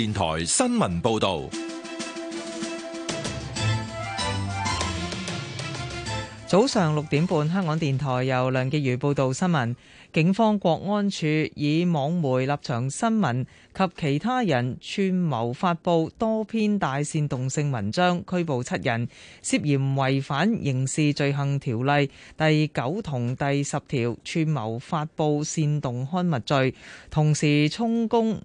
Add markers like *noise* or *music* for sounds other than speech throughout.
電台新聞報道，早上六點半，香港電台由梁潔如報道新聞。警方國安處以網媒立場新聞及其他人串謀發布多篇大煽動性文章，拘捕七人，涉嫌違反刑事罪行條例第九同第十條串謀發布煽動刊物罪，同時充公。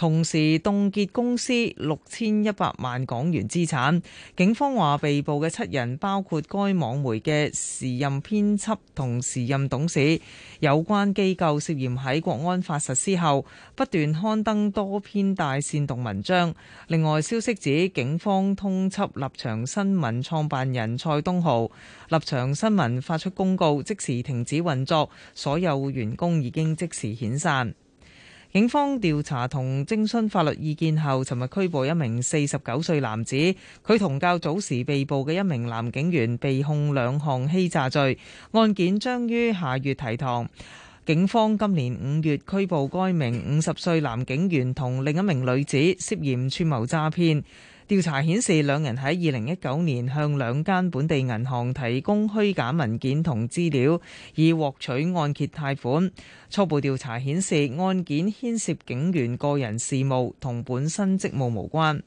同時凍結公司六千一百萬港元資產。警方話，被捕嘅七人包括該網媒嘅時任編輯同時任董事。有關機構涉嫌喺國安法實施後不斷刊登多篇大煽動文章。另外，消息指警方通緝立場新聞創辦人蔡東豪。立場新聞發出公告，即時停止運作，所有員工已經即時遣散。警方調查同徵詢法律意見後，尋日拘捕一名四十九歲男子。佢同較早時被捕嘅一名男警員被控兩項欺詐罪，案件將於下月提堂。警方今年五月拘捕該名五十歲男警員同另一名女子，涉嫌串謀詐騙。調查顯示，兩人喺二零一九年向兩間本地銀行提供虛假文件同資料，以獲取按揭貸款。初步調查顯示，案件牽涉警員個人事務，同本身職務無關。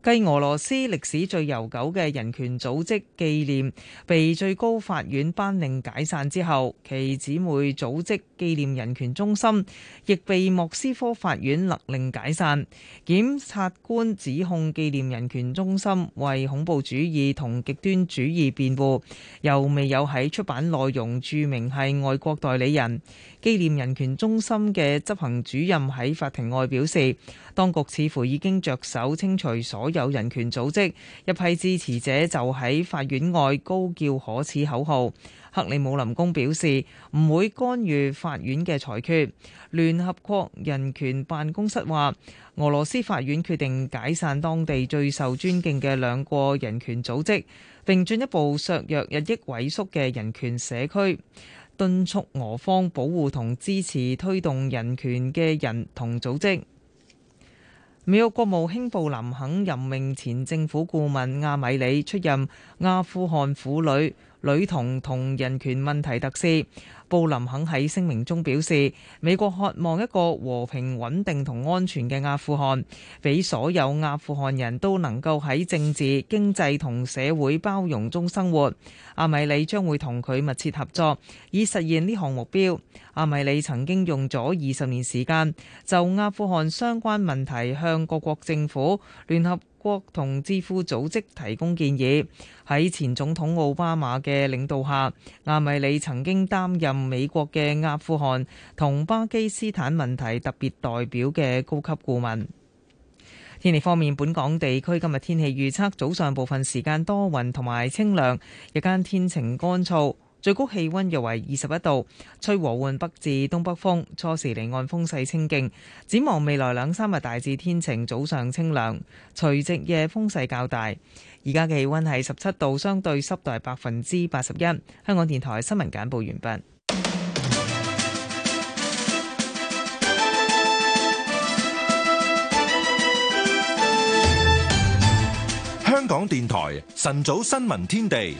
繼俄羅斯歷史最悠久嘅人權組織紀念被最高法院頒令解散之後，其姊妹組織紀念人權中心亦被莫斯科法院勒令解散。檢察官指控紀念人權中心為恐怖主義同極端主義辯護，又未有喺出版內容註明係外國代理人。紀念人權中心嘅執行主任喺法庭外表示，當局似乎已經着手清除所有人權組織。一批支持者就喺法院外高叫可恥口號。克里姆林宮表示唔會干預法院嘅裁決。聯合國人權辦公室話，俄羅斯法院決定解散當地最受尊敬嘅兩個人權組織，並進一步削弱日益萎縮嘅人權社區。敦促俄方保護同支持推動人權嘅人同組織。美國國務卿布林肯任命前政府顧問亞米里出任阿富汗婦女、女童同人權問題特使，布林肯喺聲明中表示：美國渴望一個和平、穩定同安全嘅阿富汗，畀所有阿富汗人都能夠喺政治、經濟同社會包容中生活。阿米里將會同佢密切合作，以實現呢項目標。阿米里曾經用咗二十年時間就阿富汗相關問題向各國政府聯合。國同支付組織提供建議。喺前總統奧巴馬嘅領導下，亞米里曾經擔任美國嘅阿富汗同巴基斯坦問題特別代表嘅高級顧問。天氣方面，本港地區今日天氣預測：早上部分時間多雲同埋清涼，日間天晴乾燥。最高氣溫約為二十一度，吹和緩北至東北風，初時離岸風勢清勁。展望未來兩三日大致天晴，早上清涼，除夕夜風勢較大。而家嘅氣溫係十七度，相對濕度係百分之八十一。香港電台新聞簡報完畢。香港電台晨早新聞天地。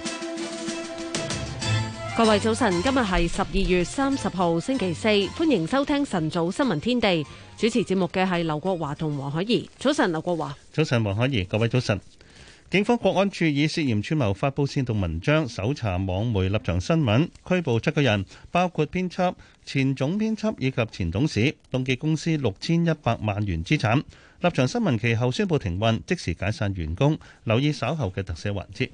各位早晨，今日係十二月三十號星期四，歡迎收聽晨早新聞天地。主持節目嘅係劉國華同黃海怡。早晨，劉國華。早晨，黃海怡。各位早晨。警方國安處以涉嫌串謀發布煽動文章、搜查網媒立場新聞、拘捕七個人，包括編輯、前總編輯以及前董事，凍結公司六千一百萬元資產。立場新聞其後宣布停運，即時解散員工。留意稍後嘅特寫環節。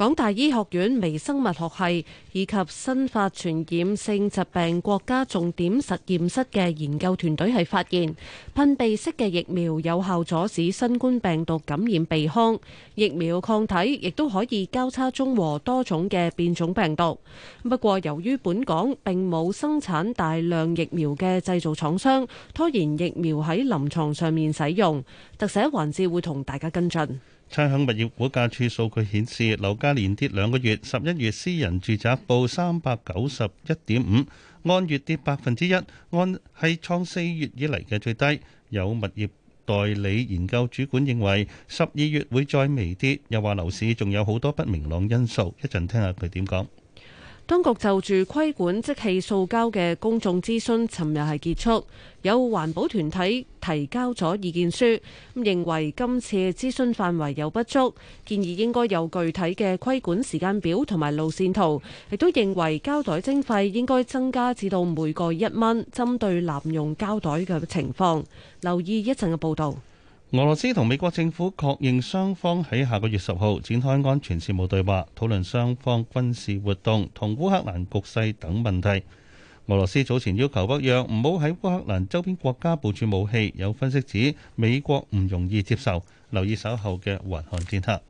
港大醫學院微生物學系以及新發傳染性疾病國家重點實驗室嘅研究團隊係發現，噴鼻式嘅疫苗有效阻止新冠病毒感染鼻腔，疫苗抗體亦都可以交叉中和多種嘅變種病毒。不過，由於本港並冇生產大量疫苗嘅製造廠商，拖延疫苗喺臨床上面使用。特寫環節會同大家跟進。差餉物業估價署數據顯示，樓價連跌兩個月，十一月私人住宅報三百九十一點五，按月跌百分之一，按係創四月以嚟嘅最低。有物業代理研究主管認為，十二月會再微跌，又話樓市仲有好多不明朗因素，一陣聽下佢點講。當局就住規管即棄塑膠嘅公眾諮詢，尋日係結束。有環保團體提交咗意見書，咁認為今次諮詢範圍有不足，建議應該有具體嘅規管時間表同埋路線圖。亦都認為膠袋徵費應該增加至到每個一蚊，針對濫用膠袋嘅情況。留意一陣嘅報導。俄羅斯同美國政府確認雙方喺下個月十號展開安全事務對話，討論雙方軍事活動同烏克蘭局勢等問題。俄羅斯早前要求北約唔好喺烏克蘭周邊國家部署武器。有分析指美國唔容易接受。留意稍後嘅雲漢劍客。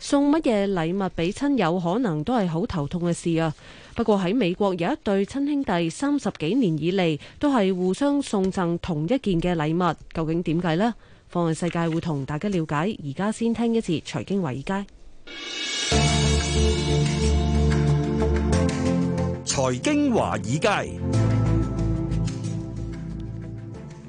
送乜嘢禮物俾親友，可能都係好頭痛嘅事啊。不過喺美國有一對親兄弟，三十幾年以嚟都係互相送贈同一件嘅禮物，究竟點解呢？放眼世界，會同大家了解。而家先聽一次《財經華爾街》。財經華爾街，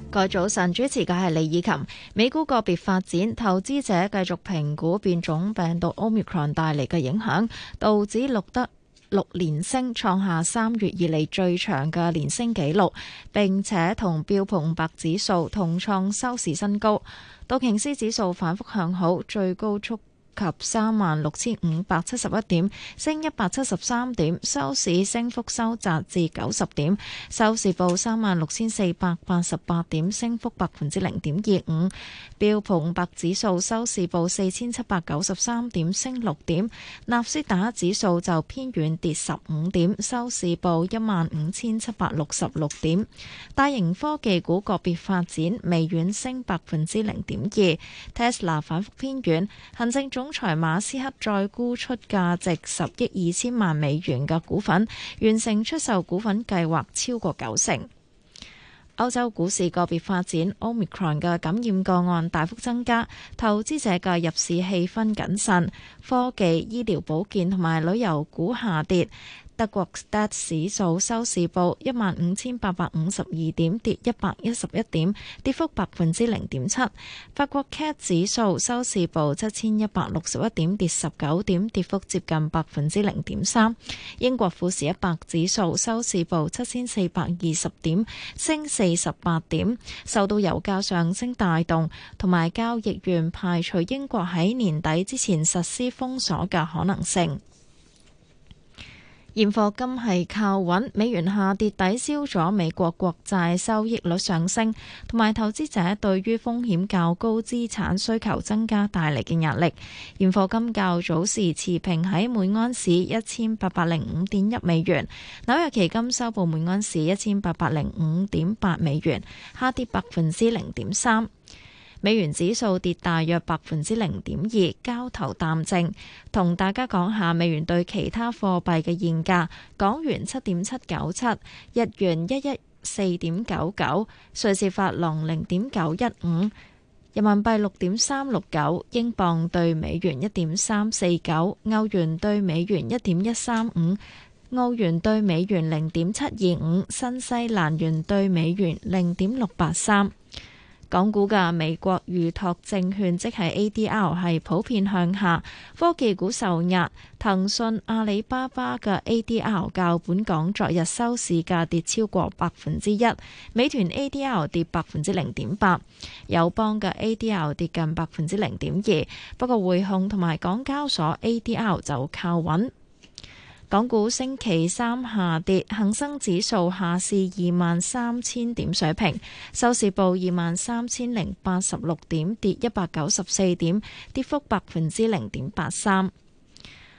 各位早晨，主持嘅係李以琴。美股個別發展，投資者繼續評估變種病毒 Omicron 帶嚟嘅影響。道指錄得六連升，創下三月以嚟最長嘅連升紀錄，並且同標普五百指數同創收市新高。道瓊斯指數反覆向好，最高觸及三萬六千五百七十一點，升一百七十三點，收市升幅收窄至九十點，收市報三萬六千四百八十八點，升幅百分之零點二五。標普五百指數收市報四千七百九十三點，升六點；納斯達指數就偏軟跌十五點，收市報一萬五千七百六十六點。大型科技股個別發展，微軟升百分之零點二，Tesla 反覆偏軟。行政總裁馬斯克再沽出價值十億二千萬美元嘅股份，完成出售股份計劃超過九成。歐洲股市個別發展，Omicron 嘅感染個案大幅增加，投資者嘅入市氣氛謹慎，科技、醫療保健同埋旅遊股下跌。德國 DAX 指數收市報一萬五千八百五十二點，跌一百一十一點，跌幅百分之零點七。法國 CAC 指數收市報七千一百六十一點，跌十九點，跌幅接近百分之零點三。英國富時一百指數收市報七千四百二十點，升四十八點，受到油價上升帶動，同埋交易員排除英國喺年底之前實施封鎖嘅可能性。現貨金係靠穩，美元下跌抵消咗美國國債收益率上升，同埋投資者對於風險較高資產需求增加帶嚟嘅壓力。現貨金較早時持平喺每安士一千八百零五點一美元，紐約期金收報每安士一千八百零五點八美元，下跌百分之零點三。美元指數跌大約百分之零點二，交投淡靜。同大家講下美元對其他貨幣嘅現價：港元七點七九七，日元一一四點九九，瑞士法郎零點九一五，人民幣六點三六九，英鎊對美元一點三四九，歐元對美元一點一三五，澳元對美元零點七二五，新西蘭元對美元零點六八三。港股嘅美國預託證券即係 ADR 係普遍向下，科技股受壓。騰訊、阿里巴巴嘅 ADR 較本港昨日收市價跌超過百分之一，美團 ADR 跌百分之零點八，友邦嘅 ADR 跌近百分之零點二。不過匯控同埋港交所 ADR 就靠穩。港股星期三下跌，恒生指數下市二萬三千點水平，收市報二萬三千零八十六點，跌一百九十四點，跌幅百分之零點八三。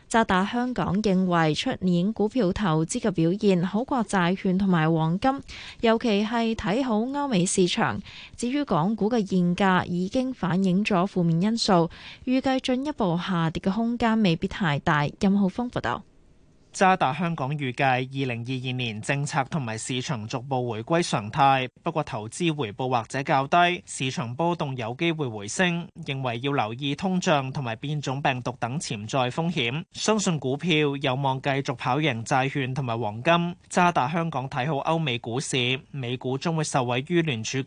渣打香港認為，出年股票投資嘅表現好過債券同埋黃金，尤其係睇好歐美市場。至於港股嘅現價已經反映咗負面因素，預計進一步下跌嘅空間未必太大。任浩峰報道。渣打香港預計二零二二年政策同埋市場逐步回歸常態，不過投資回報或者較低，市場波動有機會回升。認為要留意通脹同埋變種病毒等潛在風險。相信股票有望繼續跑贏債券同埋黃金。渣打香港睇好歐美股市，美股將會受惠於聯儲局，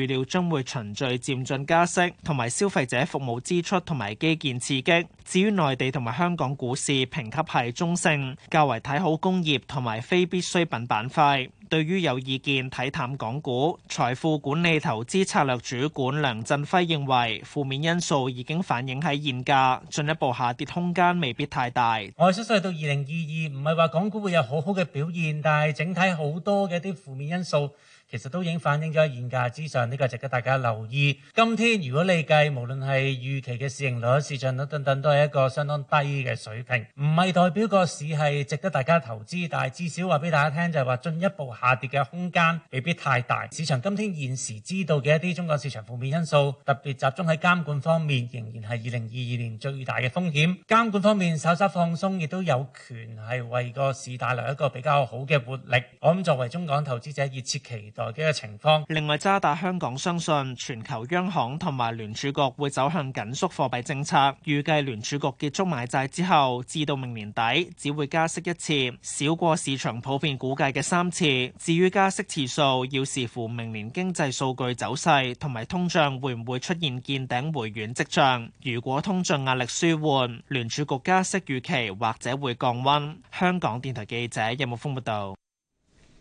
預料將會循序漸進加息，同埋消費者服務支出同埋基建刺激。至於內地同埋香港股市，評級係中性。較為睇好工業同埋非必需品板塊。對於有意見睇淡港股，財富管理投資策略主管梁振輝認為，負面因素已經反映喺現價，進一步下跌空間未必太大。我哋相信到二零二二，唔係話港股會有好好嘅表現，但係整體好多嘅啲負面因素，其實都已經反映咗現價之上，呢個值得大家留意。今天如果你計，無論係預期嘅市盈率、市淨率等等，都係一個相當低嘅水平，唔係代表個市係值得大家投資，但係至少話俾大家聽就係話進一步下跌嘅空間未必太大。市場今天現時知道嘅一啲中國市場負面因素，特別集中喺監管方面，仍然係二零二二年最大嘅風險。監管方面稍稍放鬆，亦都有權係為個市帶來一個比較好嘅活力。我諗作為中港投資者，熱切期待投資嘅情況，另外，渣打香港相信全球央行同埋聯儲局會走向緊縮貨幣政策。預計聯儲局結束買債之後至到明年底只會加息一次，少過市場普遍估計嘅三次。至於加息次數要視乎明年經濟數據走勢同埋通脹會唔會出現見頂回軟迹象。如果通脹壓力舒緩，聯儲局加息預期或者會降溫。香港電台記者任木峯報道。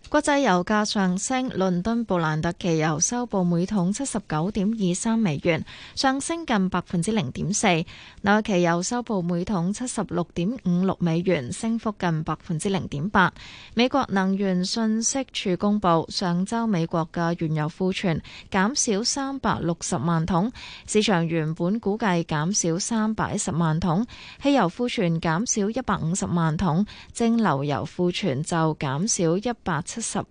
國際油價上升，倫敦布蘭特期油收報每桶七十九點二三美元，上升近百分之零點四；紐約期油收報每桶七十六點五六美元，升幅近百分之零點八。美國能源信息署公布，上周美國嘅原油庫存減少三百六十萬桶，市場原本估計減少三百一十萬桶；汽油庫存減少一百五十萬桶，蒸餾油庫存就減少一百七十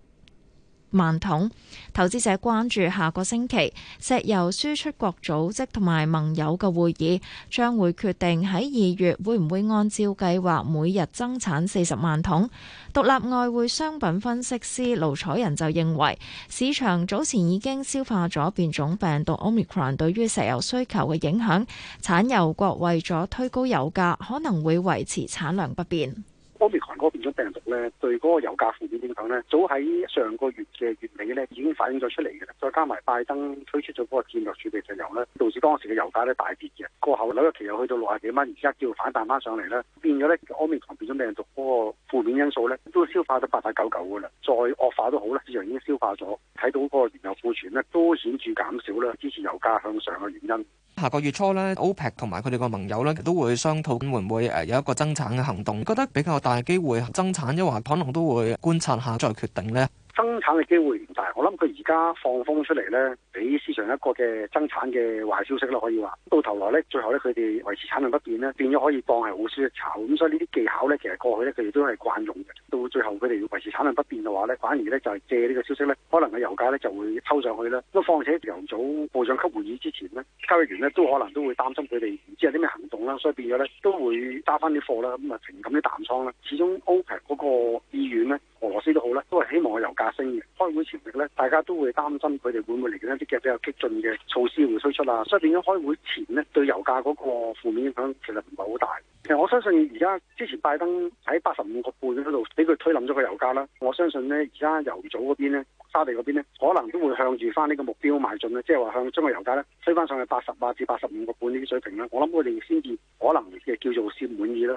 萬桶，投資者關注下個星期石油輸出國組織同埋盟友嘅會議，將會決定喺二月會唔會按照計劃每日增產四十萬桶。獨立外匯商品分析師盧彩仁就認為，市場早前已經消化咗變種病毒 Omicron 對於石油需求嘅影響，產油國為咗推高油價，可能會維持產量不變。奧密克戎嗰個變種病毒咧，對嗰個油價負面影響咧，早喺上個月嘅月尾咧已經反映咗出嚟嘅啦。再加埋拜登推出咗嗰個戰略儲備石油咧，導致當時嘅油價咧大跌嘅。嗰後紐約期又去到六十幾蚊，而家叫反彈翻上嚟咧，變咗咧奧密克戎變種病毒嗰個負面因素咧都消化得八八九九嘅啦。再惡化都好啦，市場已經消化咗，睇到嗰個原油庫存咧都顯著減少啦，支持油價向上嘅原因。下個月初呢 OPEC 同埋佢哋個盟友呢，都會商討會唔會有一個增產嘅行動，覺得比較大機會增產，抑或可能都會觀察下再決定呢。增產嘅機會唔大，但我諗佢而家放風出嚟咧，俾市場一個嘅增產嘅壞消息咯，可以話。到頭來咧，最後咧，佢哋維持產量不變咧，變咗可以當係好消息炒。咁所以呢啲技巧咧，其實過去咧，佢哋都係慣用嘅。到最後佢哋要維持產量不變嘅話咧，反而咧就係、是、借呢個消息咧，可能個油價咧就會抽上去啦。咁啊，況且油組部長級會議之前咧，交易員咧都可能都會擔心佢哋唔知有啲咩行動啦，所以變咗咧都會揸翻啲貨啦，咁啊，情感啲淡倉啦。始終歐劇嗰個意願咧。俄羅斯都好啦，都係希望個油價升嘅。開會前夕咧，大家都會擔心佢哋會唔會嚟緊一啲嘅比較激進嘅措施會推出啊。所以變咗開會前咧，對油價嗰個負面影響其實唔係好大。其實我相信而家之前拜登喺八十五個半嗰度，俾佢推冧咗個油價啦。我相信咧，而家油組嗰邊咧，沙地嗰邊咧，可能都會向住翻呢個目標邁進啊，即係話向將個油價咧推翻上去八十啊至八十五個半呢啲水平啦。我諗佢哋先至可能嘅叫做先滿意啦。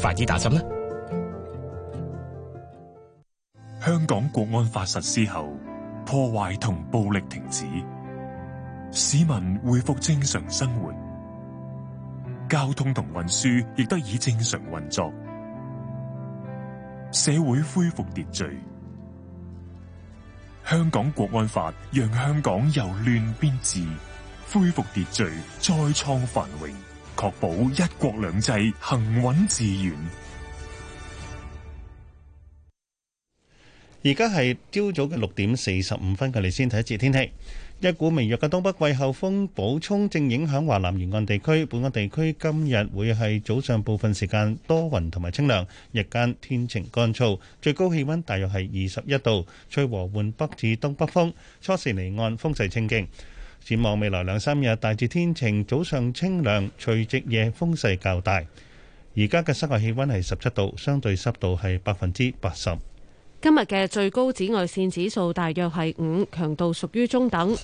快啲打針啦！香港國安法實施後，破壞同暴力停止，市民恢復正常生活，交通同運輸亦得以正常運作，社會恢復秩序。香港國安法讓香港由亂變治，恢復秩序，再創繁榮。確保一國兩制行穩致遠。而家係朝早嘅六點四十五分，我哋先睇一節天氣。一股微弱嘅東北季候風補充正影響華南沿岸地區，本港地區今日會係早上部分時間多雲同埋清涼，日間天晴乾燥，最高氣温大約係二十一度，吹和緩北至東北風，初時離岸風勢清勁。展望未來兩三日，大致天晴，早上清涼，除夕夜風勢較大。而家嘅室外氣溫係十七度，相對濕度係百分之八十。今日嘅最高紫外綫指數大約係五，強度屬於中等。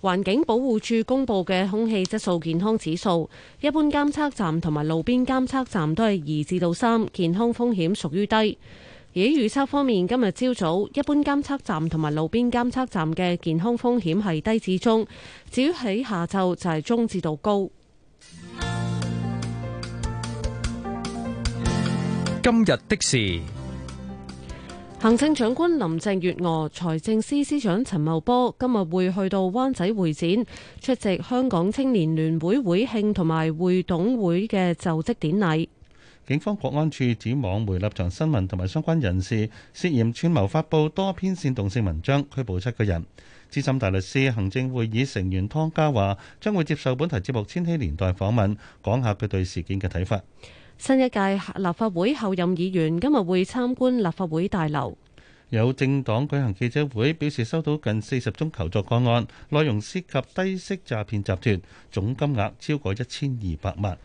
環境保護署公布嘅空氣質素健康指數，一般監測站同埋路邊監測站都係二至到三，健康風險屬於低。而喺預測方面，今日朝早一般監測站同埋路邊監測站嘅健康風險係低至中，至於喺下晝就係中至到高。今日的事，行政長官林鄭月娥、財政司司長陳茂波今日會去到灣仔會展出席香港青年聯會會慶同埋會董會嘅就職典禮。警方國安處指網媒立場新聞同埋相關人士涉嫌串謀發佈多篇煽動性文章，拘捕七個人。資深大律師行政會議成員湯家驊將會接受本台節目《千禧年代》訪問，講下佢對事件嘅睇法。新一屆立法會候任議員今日會參觀立法會大樓。有政黨舉行記者會，表示收到近四十宗求助個案，內容涉及低息詐騙集團，總金額超過一千二百萬。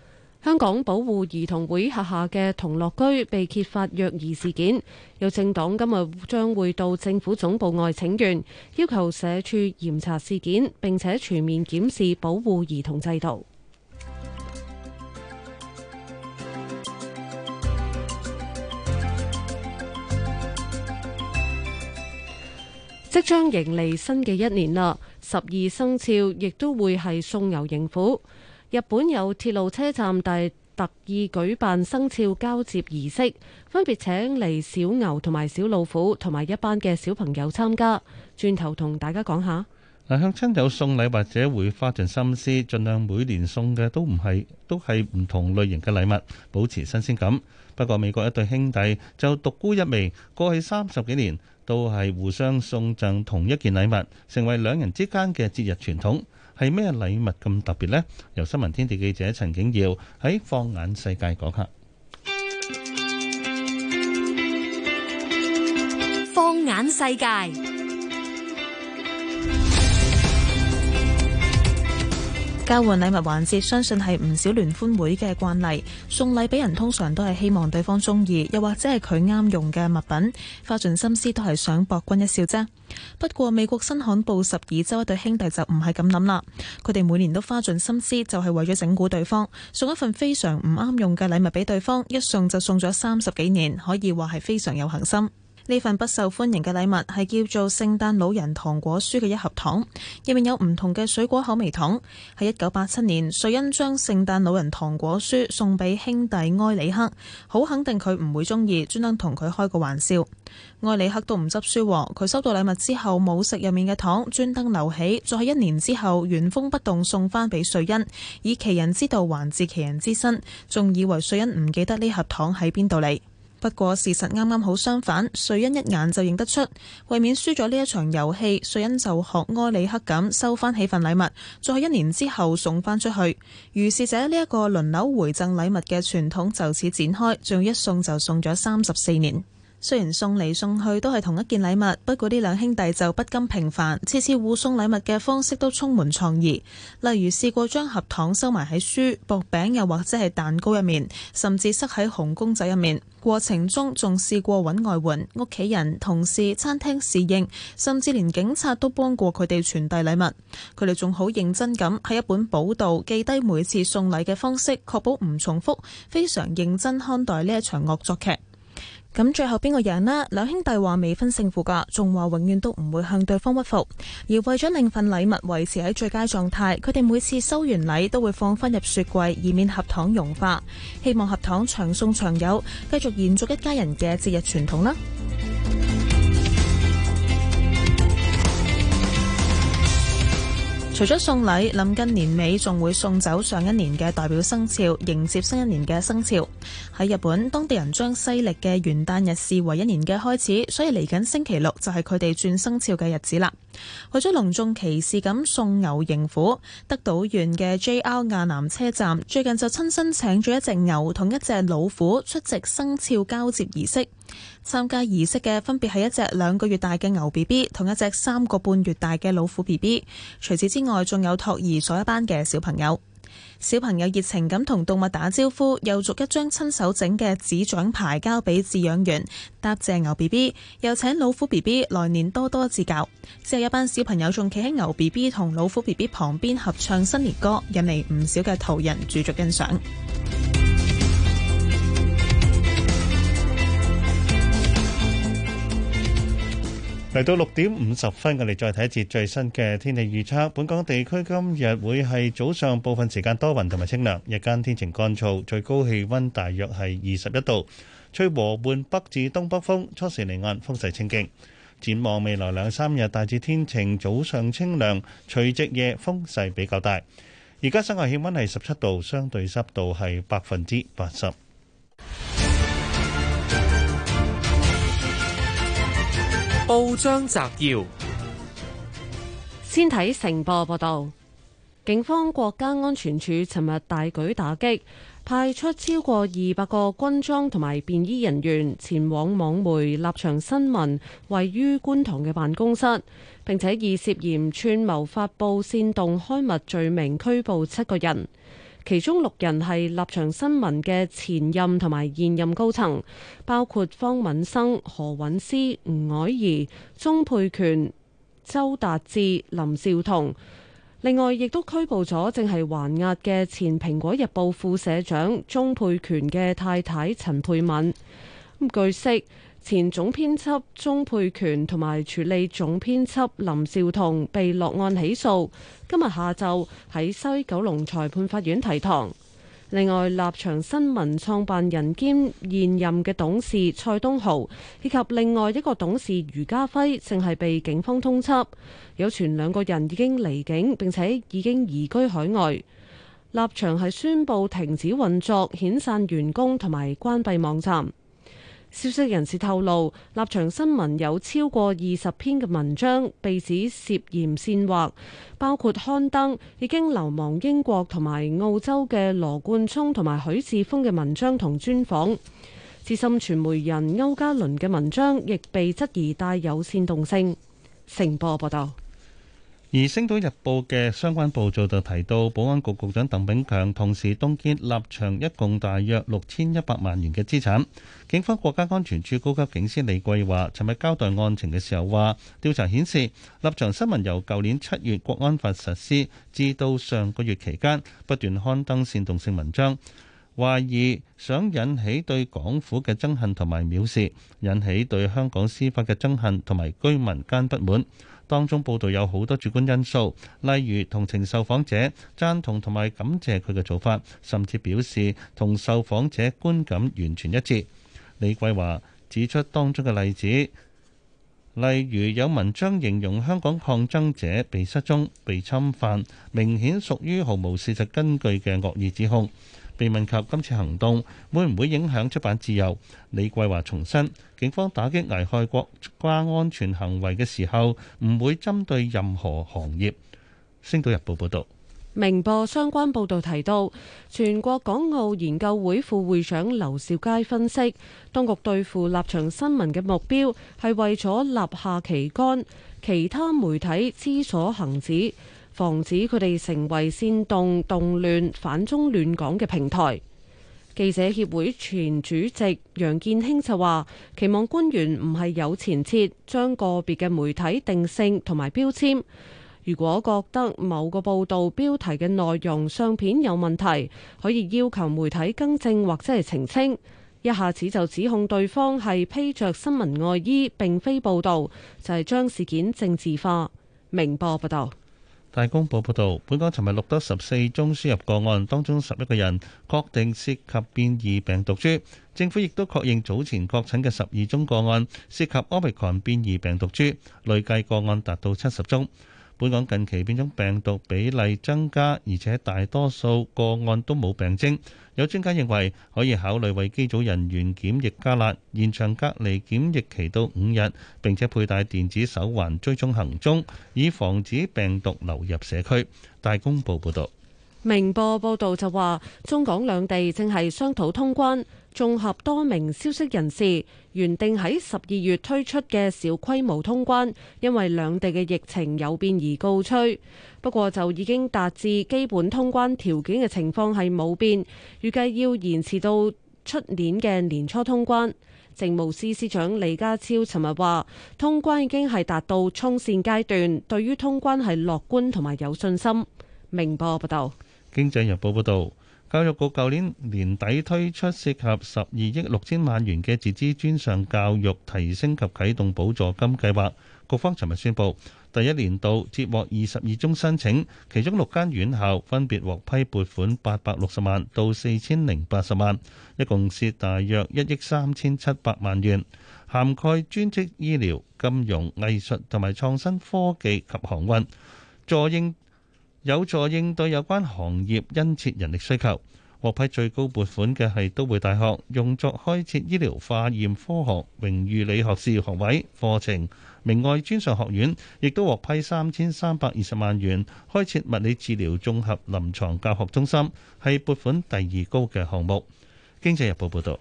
香港保護兒童會轄下嘅童樂居被揭發虐兒事件，有政黨今日將會到政府總部外請願，要求社署嚴查事件，並且全面檢視保護兒童制度。 *music* 即將迎嚟新嘅一年啦，十二生肖亦都會係送牛迎虎。日本有鐵路車站大特意舉辦生肖交接儀式，分別請嚟小牛同埋小老虎同埋一班嘅小朋友參加。轉頭同大家講下，向親友送禮或者會花盡心思，盡量每年送嘅都唔係，都係唔同類型嘅禮物，保持新鮮感。不過美國一對兄弟就獨孤一味，過去三十幾年都係互相送贈同一件禮物，成為兩人之間嘅節日傳統。係咩禮物咁特別呢？由新聞天地記者陳景耀喺放眼世界嗰刻。放眼世界。交換禮物環節，相信係唔少聯歡會嘅慣例。送禮俾人通常都係希望對方中意，又或者係佢啱用嘅物品，花盡心思都係想博君一笑啫。不過美國新罕布什爾州一對兄弟就唔係咁諗啦，佢哋每年都花盡心思，就係為咗整蠱對方，送一份非常唔啱用嘅禮物俾對方，一送就送咗三十幾年，可以話係非常有恆心。呢份不受歡迎嘅禮物係叫做聖誕老人糖果書嘅一盒糖，入面有唔同嘅水果口味糖。喺一九八七年，瑞恩將聖誕老人糖果書送俾兄弟埃里克，好肯定佢唔會鍾意，專登同佢開個玩笑。埃里克都唔執書，佢收到禮物之後冇食入面嘅糖，專登留起，再喺一年之後原封不動送翻俾瑞恩，以其人之道還治其人之身，仲以為瑞恩唔記得呢盒糖喺邊度嚟。不過事實啱啱好相反，瑞恩一眼就認得出，為免輸咗呢一場遊戲，瑞恩就學埃里克咁收返起份禮物，再一年之後送返出去。如是者，呢一個輪流回贈禮物嘅傳統就此展開，仲一送就送咗三十四年。雖然送嚟送去都係同一件禮物，不過呢兩兄弟就不甘平凡，次次互送禮物嘅方式都充滿創意。例如試過將盒糖收埋喺書薄餅，又或者係蛋糕入面，甚至塞喺紅公仔入面。過程中仲試過揾外援，屋企人、同事、餐廳侍應，甚至連警察都幫過佢哋傳遞禮物。佢哋仲好認真咁喺一本簿度記低每次送禮嘅方式，確保唔重複，非常認真看待呢一場惡作劇。咁最後邊個贏呢？兩兄弟話未分勝負㗎，仲話永遠都唔會向對方屈服。而為咗令份禮物維持喺最佳狀態，佢哋每次收完禮都會放返入雪櫃，以免合糖融化。希望合糖長送長有，繼續延續一家人嘅節日傳統啦。除咗送禮，臨近年尾仲會送走上一年嘅代表生肖，迎接新一年嘅生肖。喺日本，當地人將西歷嘅元旦日視為一年嘅開始，所以嚟緊星期六就係佢哋轉生肖嘅日子啦。為咗隆重其事咁送牛迎虎，德島縣嘅 JR 亞南車站最近就親身請咗一隻牛同一隻老虎出席生肖交接儀式。參加儀式嘅分別係一隻兩個月大嘅牛 BB 同一隻三個半月大嘅老虎 BB。除此之外，仲有托兒所一班嘅小朋友。小朋友熱情咁同動物打招呼，又逐一將親手整嘅紙獎牌交俾飼養員答謝牛 B B，又請老虎 B B 來年多多指教。之後有一班小朋友仲企喺牛 B B 同老虎 B B 旁邊合唱新年歌，引嚟唔少嘅途人駐足欣賞。嚟到六點五十分，我哋再睇一節最新嘅天氣預測。本港地區今日會係早上部分時間多雲同埋清涼，日間天晴乾燥，最高氣温大約係二十一度，吹和緩北至東北風，初時離岸風勢清勁。展望未來兩三日，大致天晴，早上清涼，除夕夜風勢比較大。而家室外氣温係十七度，相對濕度係百分之八十。報章摘要，先睇《成報》。報道，警方國家安全處尋日大舉打擊，派出超過二百個軍裝同埋便衣人員前往網媒立場新聞位於觀塘嘅辦公室，並且以涉嫌串謀發佈煽動刊物罪名拘捕七個人。其中六人係立場新聞嘅前任同埋現任高層，包括方敏生、何韻詩、吳靄儀、鍾沛權、周達志、林紹桐。另外，亦都拘捕咗正係還押嘅前《蘋果日報》副社長鍾沛權嘅太太陳沛敏。咁據悉，前總編輯鍾沛權同埋署理總編輯林紹桐被落案起訴。今日下晝喺西九龍裁判法院提堂。另外，立場新聞創辦人兼現任嘅董事蔡東豪，以及另外一個董事余家輝，正係被警方通緝。有傳兩個人已經離境，並且已經移居海外。立場係宣布停止運作，遣散員工同埋關閉網站。消息人士透露，立場新聞有超過二十篇嘅文章被指涉嫌煽惑，包括刊登已經流亡英國同埋澳洲嘅羅冠聰同埋許智峰嘅文章同專訪。資深傳媒人區家麟嘅文章亦被質疑帶有煽動性。成波報道。而《星島日報》嘅相關報道就提到，保安局局長鄧炳強同時凍結立場，一共大約六千一百萬元嘅資產。警方國家安全處高級警司李桂華尋日交代案情嘅時候話，調查顯示立場新聞由舊年七月國安法實施至到上個月期間不斷刊登煽動性文章，懷疑想引起對港府嘅憎恨同埋藐視，引起對香港司法嘅憎恨同埋居民間不滿。當中報導有好多主觀因素，例如同情受訪者、贊同同埋感謝佢嘅做法，甚至表示同受訪者觀感完全一致。李桂華指出當中嘅例子，例如有文章形容香港抗爭者被失蹤、被侵犯，明顯屬於毫無事實根據嘅惡意指控。被問及今次行動會唔會影響出版自由，李桂華重申，警方打擊危害國家安全行為嘅時候，唔會針對任何行業。星島日報報道：「明報相關報道提到，全國港澳研究會副會長劉兆佳分析，當局對付立場新聞嘅目標係為咗立下旗杆，其他媒體知所行止。」防止佢哋成為煽動動亂、反中亂港嘅平台。記者協會前主席楊建興就話，期望官員唔係有前設，將個別嘅媒體定性同埋標籤。如果覺得某個報道標題嘅內容、相片有問題，可以要求媒體更正或者係澄清。一下子就指控對方係披着新聞外衣，並非報道，就係、是、將事件政治化。明播：報道。大公報報道，本港尋日錄得十四宗輸入個案，當中十一個人確定涉及變異病毒株。政府亦都確認早前確診嘅十二宗個案涉及 Omicron 變異病毒株，累計個案達到七十宗。本港近期變種病毒比例增加，而且大多數個案都冇病徵。有專家認為可以考慮為機組人員檢疫加辣，延長隔離檢疫期到五日，並且佩戴電子手環追蹤行蹤，以防止病毒流入社區。大公報報道，明報報道就話，中港兩地正係商討通關。綜合多名消息人士，原定喺十二月推出嘅小規模通關，因為兩地嘅疫情有變而告吹。不過就已經達至基本通關條件嘅情況係冇變，預計要延遲到出年嘅年初通關。政務司司長李家超尋日話：通關已經係達到衝線階段，對於通關係樂觀同埋有信心。明報報道，《經濟日報》報道。教育局舊年年底推出涉及十二億六千萬元嘅自資專上教育提升及啟動補助金計劃，局方尋日宣布第一年度接獲二十二宗申請，其中六間院校分別獲批撥款八百六十萬到四千零八十萬，一共涉大約一億三千七百萬元，涵蓋專職醫療、金融、藝術同埋創新科技及航運，助應。有助應對有關行業殷切人力需求，獲批最高撥款嘅係都會大學，用作開設醫療化驗科學榮譽理學士學位課程；明愛專上學院亦都獲批三千三百二十萬元，開設物理治療綜合臨床教學中心，係撥款第二高嘅項目。經濟日報報導，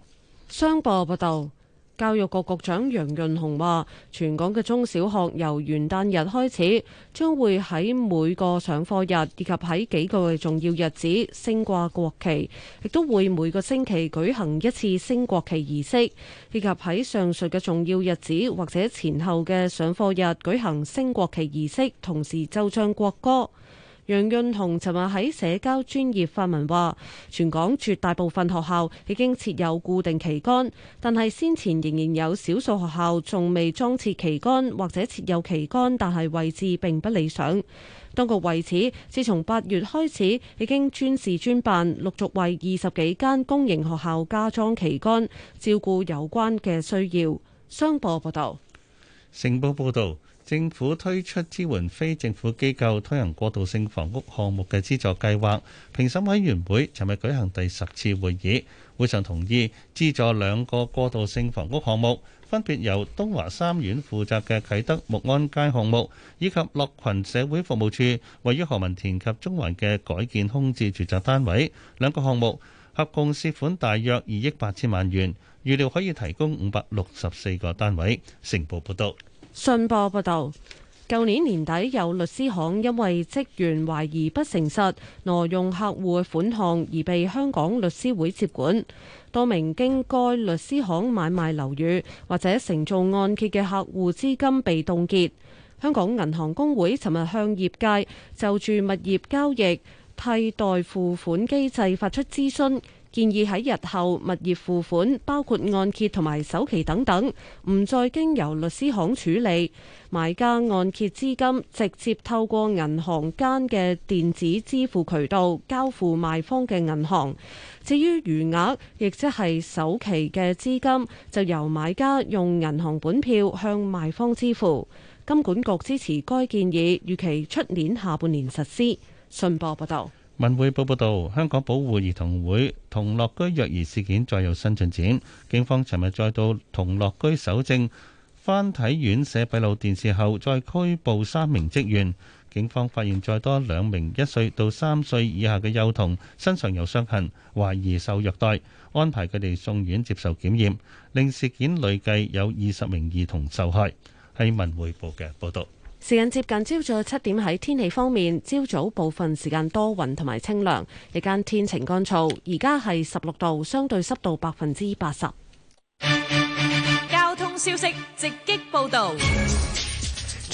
商報報道。教育局局長楊潤雄話，全港嘅中小學由元旦日開始，將會喺每個上課日以及喺幾個重要日子升掛國旗，亦都會每個星期舉行一次升國旗儀式，以及喺上述嘅重要日子或者前後嘅上課日舉行升國旗儀式，同時奏唱國歌。楊潤雄尋日喺社交專業發文話，全港絕大部分學校已經設有固定旗杆，但係先前仍然有少數學校仲未裝設旗杆，或者設有旗杆但係位置並不理想。當局為此，自從八月開始已經專事專辦，陸續為二十幾間公營學校加裝旗杆，照顧有關嘅需要。商報報道，成報報道。政府推出支援非政府機構推行過渡性房屋項目嘅資助計劃評審委員會尋日舉行第十次會議，會上同意資助兩個過渡性房屋項目，分別由東華三院負責嘅啟德木安街項目，以及樂群社會服務處位於何文田及中環嘅改建空置住宅單位兩個項目，合共涉款大約二億八千萬元，預料可以提供五百六十四個單位。成報報導。信報報道，舊年年底有律師行因為職員懷疑不誠實挪用客戶嘅款項而被香港律師會接管，多名經該律師行買賣樓宇或者承做按揭嘅客戶資金被凍結。香港銀行公會尋日向業界就住物業交易替代付款機制發出諮詢。建議喺日後物業付款，包括按揭同埋首期等等，唔再經由律師行處理，買家按揭資金直接透過銀行間嘅電子支付渠道交付賣方嘅銀行。至於餘額，亦即係首期嘅資金，就由買家用銀行本票向賣方支付。金管局支持該建議，預期出年下半年實施。信報報道。文匯報報道，香港保護兒童會同樂居虐兒事件再有新進展。警方尋日再到同樂居搜證，翻睇院舍閉路電視後，再拘捕三名職員。警方發現再多兩名一歲到三歲以下嘅幼童身上有傷痕，懷疑受虐待，安排佢哋送院接受檢驗，令事件累計有二十名兒童受害。係文匯報嘅報道。時間接近朝早七點，喺天氣方面，朝早部分時間多雲同埋清涼，日間天晴乾燥。而家係十六度，相對濕度百分之八十。交通消息直擊報道。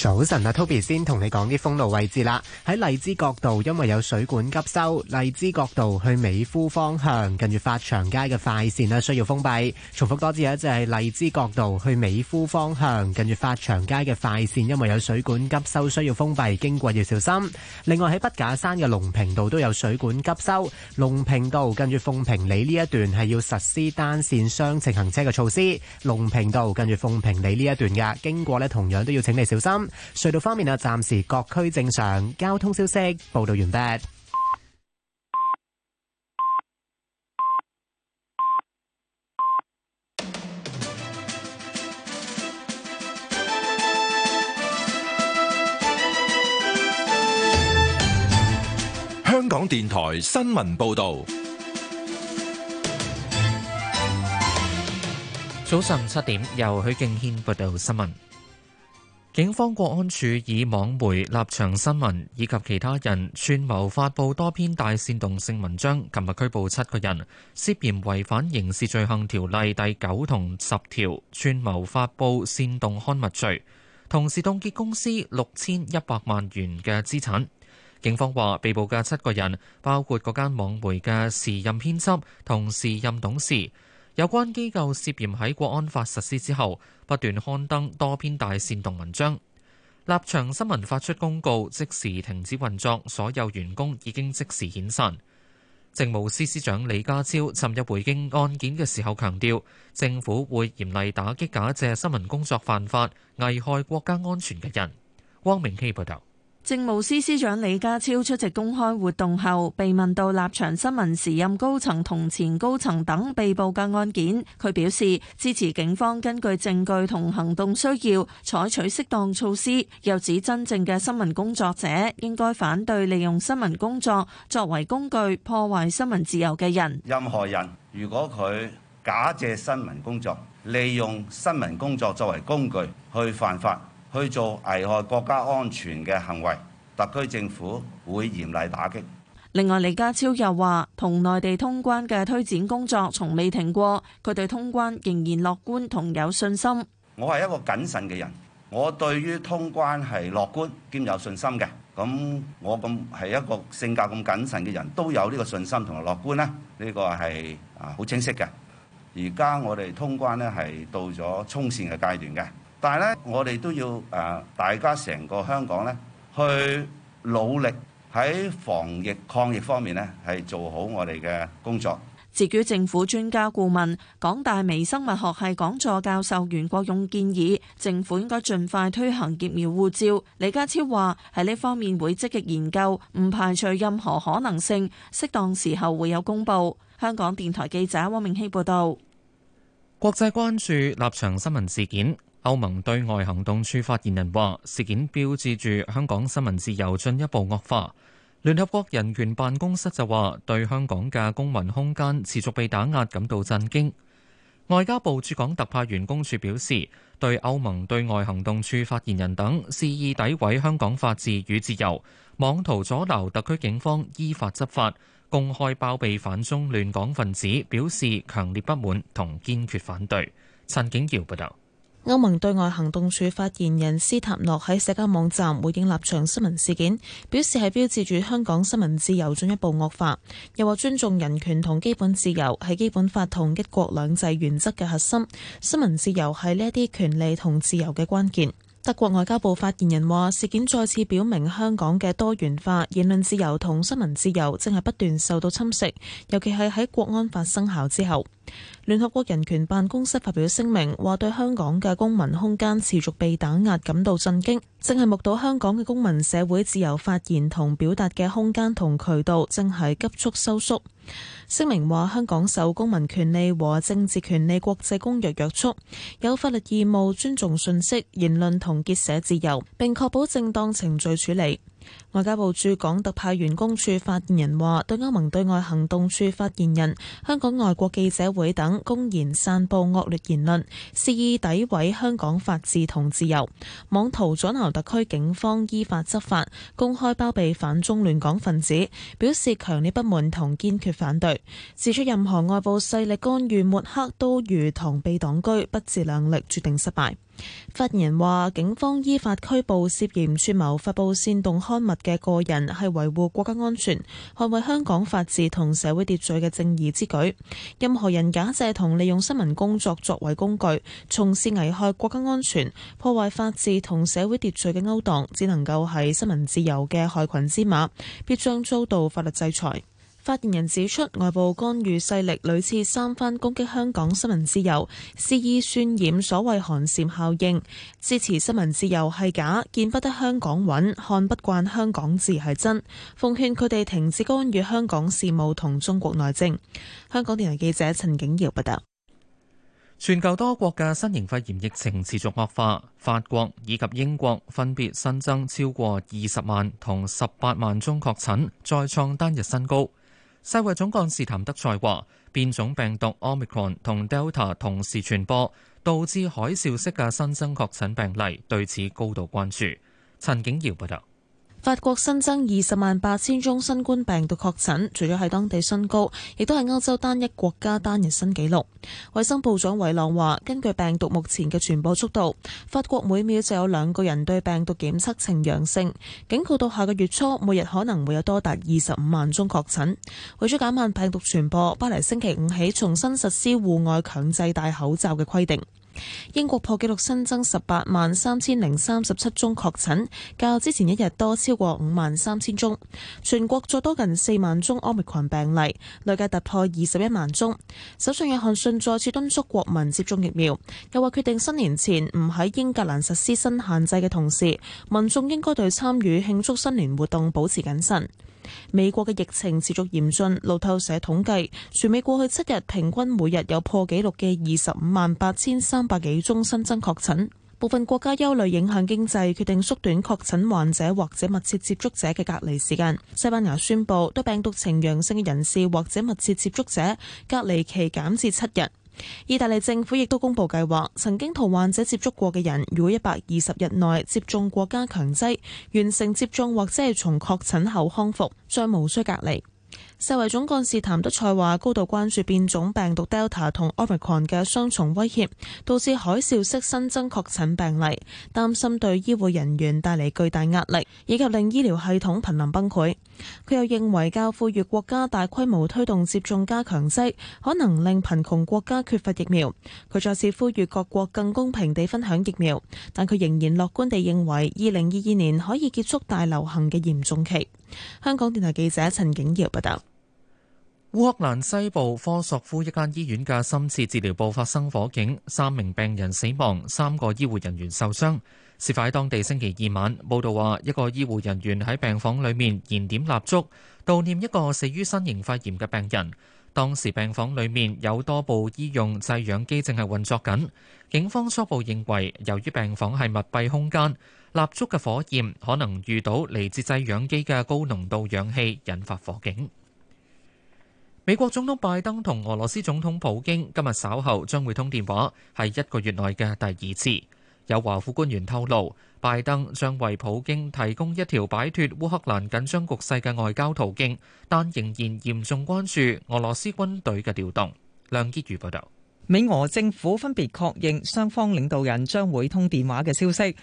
早晨啊，Toby 先同你講啲封路位置啦。喺荔枝角道，因為有水管急修，荔枝角道去美孚方向，近住發祥街嘅快線啦，需要封閉。重複多次啊，就係荔枝角道去美孚方向，近住發祥街嘅快線，因為有水管急修，需要封閉，經過要小心。另外喺畢架山嘅龍坪道都有水管急修，龍坪道近住鳳坪里呢一段係要實施單線雙程行車嘅措施，龍坪道近住鳳坪里呢一段噶，經過咧同樣都要請你小心。隧道方面啊，暫時各區正常，交通消息報道完畢。香港電台新聞報道，早上七點由許敬軒報道新聞。警方國安處以網媒立場新聞以及其他人串謀發布多篇大煽動性文章，琴日拘捕七個人，涉嫌違反刑事罪行條例第九同十條串謀發布煽動刊物罪，同時凍結公司六千一百萬元嘅資產。警方話，被捕嘅七個人包括嗰間網媒嘅時任編輯、同時任董事。有關機構涉嫌喺國安法實施之後不斷刊登多篇大煽動文章，立場新聞發出公告，即時停止運作，所有員工已經即時遣散。政務司司長李家超尋日回應案件嘅時候強調，政府會嚴厲打擊假借新聞工作犯法、危害國家安全嘅人。汪明希報道。政務司司長李家超出席公開活動後，被問到立場新聞時任高層同前高層等被捕嘅案件，佢表示支持警方根據證據同行動需要採取適當措施，又指真正嘅新聞工作者應該反對利用新聞工作作為工具破壞新聞自由嘅人。任何人如果佢假借新聞工作，利用新聞工作作為工具去犯法，去做危害國家安全嘅行為，特區政府會嚴厲打擊。另外，李家超又話：同內地通關嘅推展工作從未停過，佢對通關仍然樂觀同有信心。我係一個謹慎嘅人，我對於通關係樂觀兼有信心嘅。咁我咁係一個性格咁謹慎嘅人，都有呢個信心同埋樂觀咧。呢、呢個係啊好清晰嘅。而家我哋通關咧係到咗衝線嘅階段嘅。但係咧，我哋都要誒，大家成個香港呢，去努力喺防疫抗疫方面呢，係做好我哋嘅工作。至於政府專家顧問、港大微生物學系講座教授袁國勇建議，政府應該盡快推行疫苗護照。李家超話喺呢方面會積極研究，唔排除任何可能性，適當時候會有公佈。香港電台記者汪明熙報道。國際關注立場新聞事件。歐盟對外行動處發言人話：事件標誌住香港新聞自由進一步惡化。聯合國人權辦公室就話，對香港嘅公民空間持續被打壓感到震驚。外交部駐港特派員公署表示，對歐盟對外行動處發言人等肆意詆毀香港法治與自由、妄圖阻撓特區警方依法執法、公開包庇反中亂港分子，表示強烈不滿同堅決反對。陳景耀報道。歐盟對外行動處發言人斯塔諾喺社交網站回應立場新聞事件，表示係標誌住香港新聞自由進一步惡化，又話尊重人權同基本自由係基本法同一國兩制原則嘅核心，新聞自由係呢一啲權利同自由嘅關鍵。德國外交部發言人話，事件再次表明香港嘅多元化、言論自由同新聞自由正係不斷受到侵蝕，尤其係喺國安法生效之後。聯合國人權辦公室發表聲明，話對香港嘅公民空間持續被打壓，感到震驚，正係目睹香港嘅公民社會自由發言同表達嘅空間同渠道正係急速收縮。聲明話，香港受公民權利和政治權利國際公約約束，有法律義務尊重信息、言論同結社自由，並確保正當程序處理。外交部駐港特派員公署發言人話，對歐盟對外行動處發言人、香港外國記者會等公然散布惡劣言論、肆意詆毀香港法治同自由、妄圖阻撓特區警方依法執法、公開包庇反中亂港分子，表示強烈不滿同堅決反對。指出任何外部勢力干預，抹黑都如同被擋居，不自量力，注定失敗。發言人話：警方依法拘捕涉嫌串謀發布煽動刊物嘅個人，係維護國家安全、捍衛香港法治同社會秩序嘅正義之舉。任何人假借同利用新聞工作作為工具，從事危害國家安全、破壞法治同社會秩序嘅勾當，只能夠係新聞自由嘅害群之馬，必將遭到法律制裁。發言人指出，外部干預勢力屢次三番攻擊香港新聞自由，肆意渲染所謂“寒蟬效應”，支持新聞自由係假，見不得香港穩，看不慣香港字係真。奉勸佢哋停止干預香港事務同中國內政。香港電台記者陳景堯報道。全球多國嘅新型肺炎疫情持續惡化，法國以及英國分別新增超過二十萬同十八萬宗確診，再創單日新高。世衛總幹事譚德賽話：變種病毒 Omicron 同 Delta 同時傳播，導致海嘯式嘅新增確診病例，對此高度關注。陳景耀報道。法國新增二十萬八千宗新冠病毒確診，除咗係當地新高，亦都係歐洲單一國家單日新紀錄。衛生部長韋朗話，根據病毒目前嘅傳播速度，法國每秒就有兩個人對病毒檢測呈陽性，警告到下個月初，每日可能會有多達二十五萬宗確診。為咗減慢病毒傳播，巴黎星期五起重新實施戶外強制戴口罩嘅規定。英國破紀錄新增十八萬三千零三十七宗確診，較之前一日多超過五萬三千宗。全國再多近四萬宗 Omicron 病例，累計突破二十一萬宗。首相約翰遜再次敦促國民接種疫苗，又話決定新年前唔喺英格蘭實施新限制嘅同時，民眾應該對參與慶祝新年活動保持謹慎。美國嘅疫情持續嚴峻，路透社統計，全美過去七日平均每日有破紀錄嘅二十五萬八千三百幾宗新增確診。部分國家憂慮影響經濟，決定縮短確診患者或者密切接觸者嘅隔離時間。西班牙宣布，對病毒呈陽性嘅人士或者密切接觸者，隔離期減至七日。意大利政府亦都公布計劃，曾經同患者接觸過嘅人，如果一百二十日內接種過加強劑、完成接種或者係從確診後康復，再無需隔離。世衛總幹事譚德塞話：高度關注變種病毒 Delta 同 Omicron 嘅雙重威脅，導致海嘯式新增確診病例，擔心對醫護人員帶嚟巨大壓力，以及令醫療系統瀕臨崩潰。佢又認為，較富裕國家大規模推動接種加強劑，可能令貧窮國家缺乏疫苗。佢再次呼籲各國更公平地分享疫苗，但佢仍然樂觀地認為，二零二二年可以結束大流行嘅嚴重期。香港電台記者陳景耀報道。烏克蘭西部科索夫一間醫院嘅深切治療部發生火警，三名病人死亡，三個醫護人員受傷。事發喺當地星期二晚。報道話，一個醫護人員喺病房裏面燃點蠟燭，悼念一個死於新型肺炎嘅病人。當時病房裏面有多部醫用製氧機正係運作緊。警方初步認為，由於病房係密閉空間，蠟燭嘅火焰可能遇到嚟自製氧機嘅高濃度氧氣，引發火警。美國總統拜登同俄羅斯總統普京今日稍後將會通電話，係一個月內嘅第二次。有華府官員透露，拜登將為普京提供一條擺脫烏克蘭緊張局勢嘅外交途徑，但仍然嚴重關注俄羅斯軍隊嘅調動。梁潔如報道，美俄政府分別確認雙方領導人將會通電話嘅消息。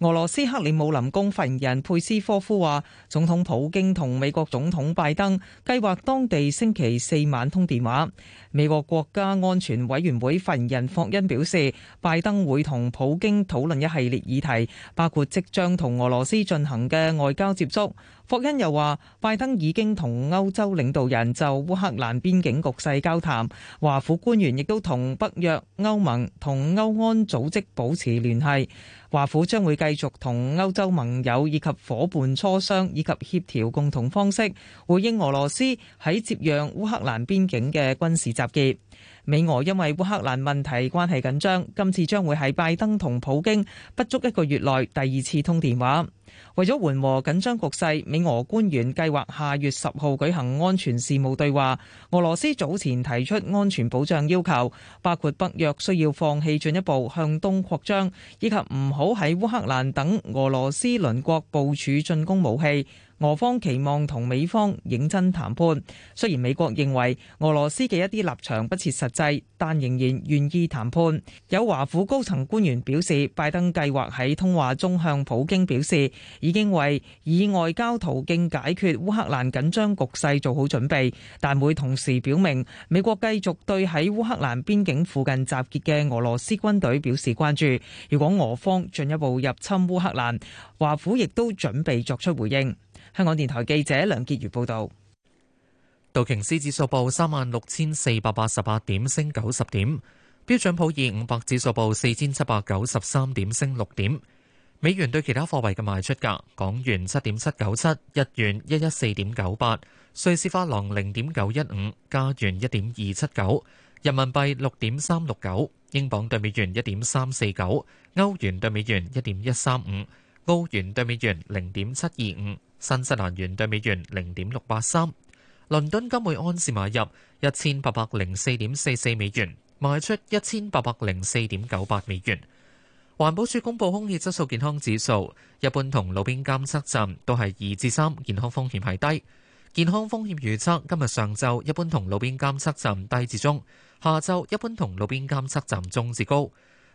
俄羅斯克里姆林宮發言人佩斯科夫話，總統普京同美國總統拜登計劃當地星期四晚通電話。美國國家安全委員會發言人霍恩表示，拜登會同普京討論一系列議題，包括即將同俄羅斯進行嘅外交接觸。霍恩又話：拜登已經同歐洲領導人就烏克蘭邊境局勢交談，華府官員亦都同北約、歐盟同歐安組織保持聯繫。華府將會繼續同歐洲盟友以及伙伴磋商以及協調共同方式，回應俄羅斯喺接壤烏克蘭邊境嘅軍事集結。美俄因為烏克蘭問題關係緊張，今次將會係拜登同普京不足一個月內第二次通電話。為咗緩和緊張局勢，美俄官員計劃下月十號舉行安全事務對話。俄羅斯早前提出安全保障要求，包括北約需要放棄進一步向東擴張，以及唔好喺烏克蘭等俄羅斯鄰國部署進攻武器。俄方期望同美方認真談判，雖然美國認為俄羅斯嘅一啲立場不切實際，但仍然願意談判。有華府高層官員表示，拜登計劃喺通話中向普京表示，已經為以外交途徑解決烏克蘭緊張局勢做好準備，但會同時表明美國繼續對喺烏克蘭邊境附近集結嘅俄羅斯軍隊表示關注。如果俄方進一步入侵烏克蘭，華府亦都準備作出回應。香港電台記者梁潔如報道：道瓊斯指數報三萬六千四百八十八點，升九十點；標準普爾五百指數報四千七百九十三點，升六點。美元對其他貨幣嘅賣出價：港元七點七九七，日元一一四點九八，瑞士法郎零點九一五，加元一點二七九，人民幣六點三六九，英鎊兌美元一點三四九，歐元兌美元一點一三五，澳元兌美元零點七二五。新西蘭元兌美元零點六八三，倫敦金會安士買入一千八百零四點四四美元，賣出一千八百零四點九八美元。環保署公布空氣質素健康指數，一般同路邊監測站都係二至三，健康風險係低。健康風險預測今日上晝一般同路邊監測站低至中，下晝一般同路邊監測站中至高。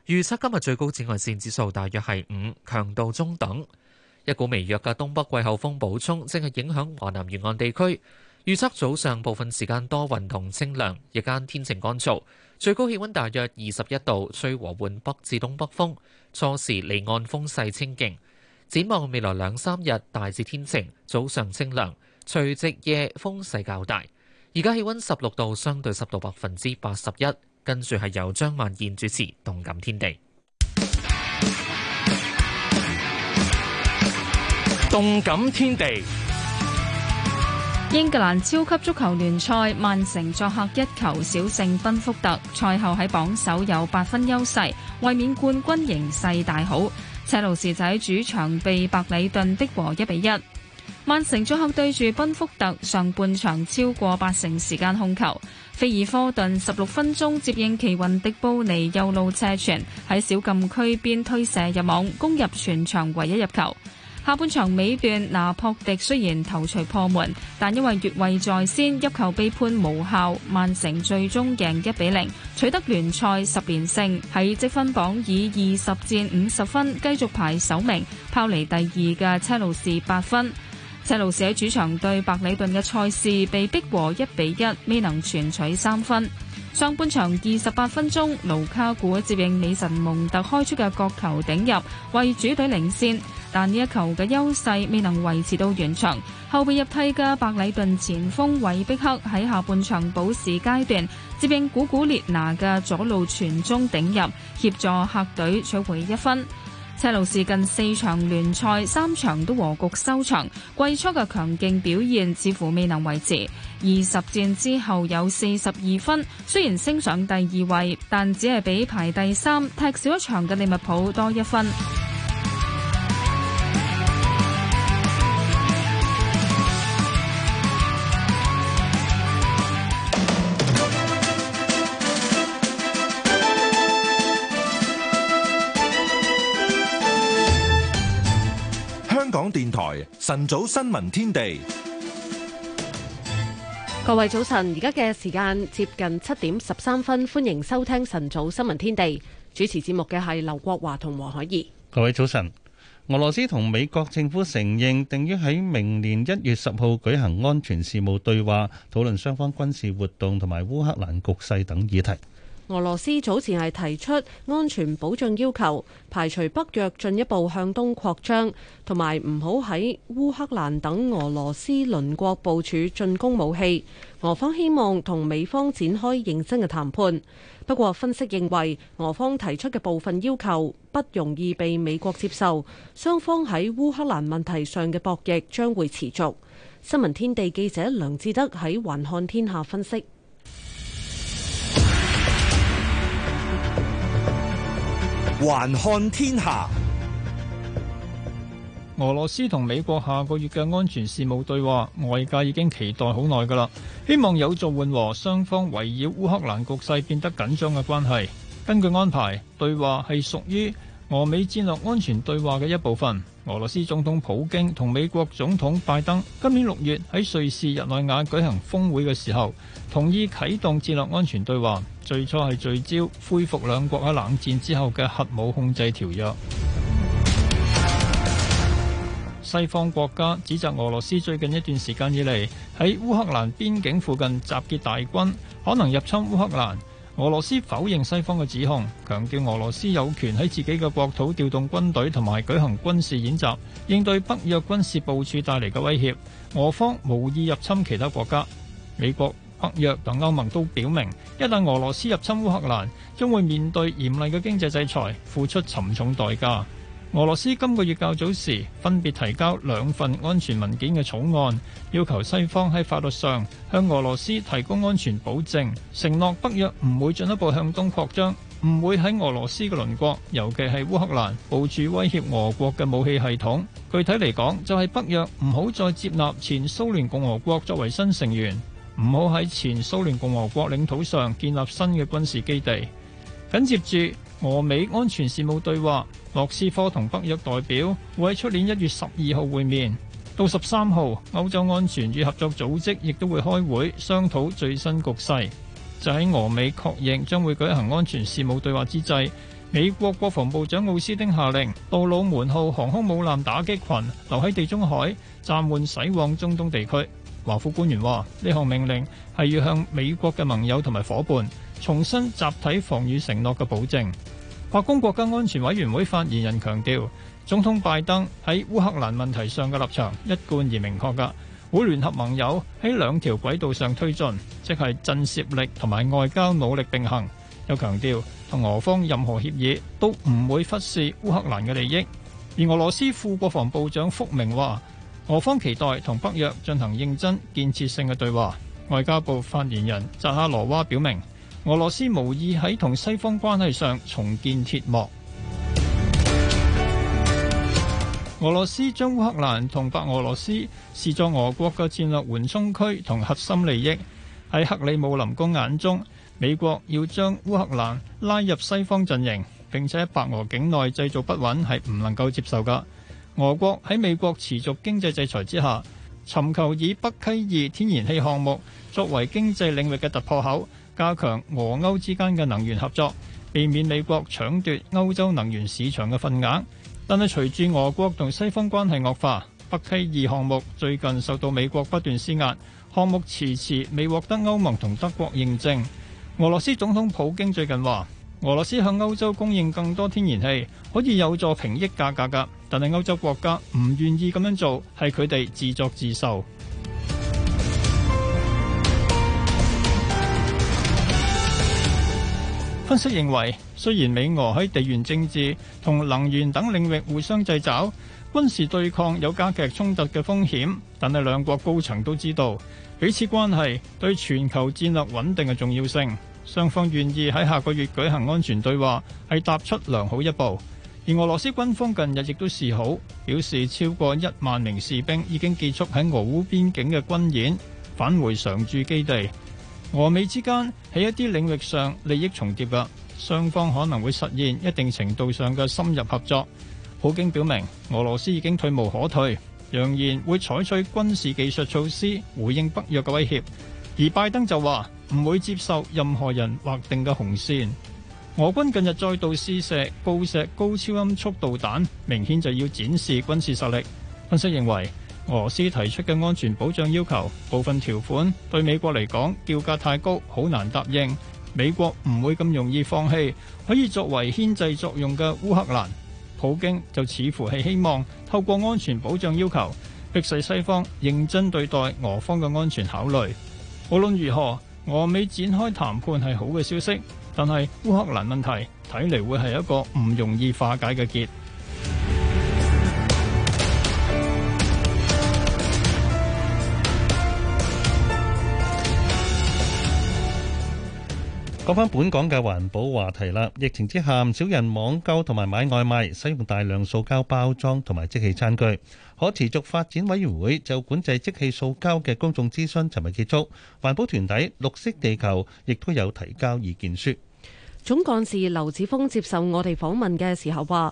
預測今日最高紫外線指數大約係五，強度中等。一股微弱嘅東北季候風補充，正係影響華南沿岸地區。預測早上部分時間多雲同清涼，日間天晴乾燥，最高氣溫大約二十一度，吹和緩北至東北風，初時離岸風勢清勁。展望未來兩三日大致天晴，早上清涼，除夕夜風勢較大。而家氣溫十六度，相對濕度百分之八十一。跟住係由張曼燕主持《動感天地》。動感天地，英格蘭超級足球聯賽，曼城作客一球小勝賓福特，賽後喺榜首有八分優勢，衛冕冠軍形勢大好。車路士仔主場被白里頓逼和一比一。曼城作客對住賓福特，上半場超過八成時間控球。菲爾科頓十六分鐘接應奇雲迪布尼右路斜傳喺小禁區邊推射入網，攻入全場唯一入球。下半場尾段，拿破迪雖然頭槌破門，但因為越位在先，一球被判無效。曼城最終贏一比零，取得聯賽十連勝，喺積分榜以二十戰五十分繼續排首名，拋離第二嘅車路士八分。車路士喺主場對白禮頓嘅賽事被逼和一比一，未能全取三分。上半場二十八分鐘，盧卡古接應美神蒙特開出嘅角球頂入，為主隊領先。但呢一球嘅優勢未能維持到完場。後備入替嘅白禮頓前鋒韋碧克喺下半場補時階段接應古古列拿嘅左路傳中頂入，協助客隊取回一分。車路士近四場聯賽，三場都和局收場，季初嘅強勁表現似乎未能維持。二十戰之後有四十二分，雖然升上第二位，但只係比排第三踢少一場嘅利物浦多一分。晨早新聞天地，各位早晨，而家嘅時間接近七點十三分，歡迎收聽晨早新聞天地。主持節目嘅係劉國華同黃海怡。各位早晨，俄羅斯同美國政府承認，定於喺明年一月十號舉行安全事務對話，討論雙方軍事活動同埋烏克蘭局勢等議題。俄羅斯早前係提出安全保障要求，排除北約進一步向東擴張，同埋唔好喺烏克蘭等俄羅斯鄰國部署進攻武器。俄方希望同美方展開認真嘅談判。不過，分析認為俄方提出嘅部分要求不容易被美國接受，雙方喺烏克蘭問題上嘅博弈將會持續。新聞天地記者梁志德喺環看天下分析。還看天下，俄羅斯同美國下個月嘅安全事務對話，外界已經期待好耐㗎喇，希望有助緩和雙方圍繞烏克蘭局勢變得緊張嘅關係。根據安排，對話係屬於俄美戰略安全對話嘅一部分。俄羅斯總統普京同美國總統拜登今年六月喺瑞士日內瓦舉行峰會嘅時候。同意啟動戰略安全對話，最初係聚焦恢復兩國喺冷戰之後嘅核武控制條約。 *noise* 西方國家指責俄羅斯最近一段時間以嚟喺烏克蘭邊境附近集結大軍，可能入侵烏克蘭。俄羅斯否認西方嘅指控，強調俄羅斯有權喺自己嘅國土調動軍隊同埋舉行軍事演習，應對北約軍事部署帶嚟嘅威脅，俄方無意入侵其他國家。美國。北約同歐盟都表明，一旦俄羅斯入侵烏克蘭，將會面對嚴厲嘅經濟制裁，付出沉重代價。俄羅斯今個月較早時分別提交兩份安全文件嘅草案，要求西方喺法律上向俄羅斯提供安全保證，承諾北約唔會進一步向東擴張，唔會喺俄羅斯嘅鄰國，尤其係烏克蘭，部署威脅俄國嘅武器系統。具體嚟講，就係、是、北約唔好再接納前蘇聯共和國作為新成員。唔好喺前蘇聯共和國領土上建立新嘅軍事基地。緊接住，俄美安全事務對話，莫斯科同北約代表會喺出年一月十二號會面，到十三號，歐洲安全與合作組織亦都會開會商討最新局勢，就喺俄美確認將會舉行安全事務對話之際，美國國防部長奧斯汀下令杜魯門號航空母艦打擊群留喺地中海暫緩駛往中東地區。華府官員話：呢項命令係要向美國嘅盟友同埋夥伴重申集體防禦承諾嘅保證。白宮國家安全委員會發言人強調，總統拜登喺烏克蘭問題上嘅立場一貫而明確，嘅，會聯合盟友喺兩條軌道上推進，即係震懾力同埋外交努力並行。又強調同俄方任何協議都唔會忽視烏克蘭嘅利益。而俄羅斯副國防部長福明話，俄方期待同北約進行認真建設性嘅對話。外交部發言人扎哈羅娃表明，俄羅斯無意喺同西方關係上重建鐵幕。 *music* 俄羅斯將烏克蘭同白俄羅斯視作俄國嘅戰略緩衝區同核心利益。喺克里姆林宮眼中，美國要將烏克蘭拉入西方陣營，並且白俄境內製造不穩，係唔能夠接受㗎。俄國喺美國持續經濟制裁之下，尋求以北溪二天然氣項目作為經濟領域嘅突破口，加強俄歐之間嘅能源合作，避免美國搶奪歐洲能源市場嘅份額。但係隨住俄國同西方關係惡化，北溪二項目最近受到美國不斷施壓，項目遲遲未獲得歐盟同德國認證。俄羅斯總統普京最近話：俄羅斯向歐洲供應更多天然氣，可以有助平抑價格㗎。但係歐洲國家唔願意咁樣做，係佢哋自作自受。 *music* 分析認為，雖然美俄喺地緣政治同能源等領域互相掣肘，軍事對抗有加劇衝突嘅風險，但係兩國高層都知道彼此關係對全球戰略穩定嘅重要性。雙方願意喺下個月舉行安全對話，係踏出良好一步。而俄羅斯軍方近日亦都示好，表示超過一萬名士兵已經結束喺俄烏邊境嘅軍演，返回常駐基地。俄美之間喺一啲領域上利益重疊嘅，雙方可能會實現一定程度上嘅深入合作。普京表明，俄羅斯已經退無可退，揚言會採取軍事技術措施回應北約嘅威脅。而拜登就話。唔會接受任何人劃定嘅紅線。俄軍近日再度試射鋯石高超音速導彈，明顯就要展示軍事實力。分析認為，俄羅斯提出嘅安全保障要求部分條款對美國嚟講叫價，太高，好難答應。美國唔會咁容易放棄，可以作為牽制作用嘅烏克蘭，普京就似乎係希望透過安全保障要求迫使西方認真對待俄方嘅安全考慮。無論如何。俄美展開談判係好嘅消息，但係烏克蘭問題睇嚟會係一個唔容易化解嘅結。講返本港嘅環保話題啦。疫情之下，唔少人網購同埋買外賣，使用大量塑膠包裝同埋即棄餐具。可持續發展委員會就管制即棄塑膠嘅公眾諮詢尋日結束，環保團體綠色地球亦都有提交意見書。總幹事劉子峰接受我哋訪問嘅時候話。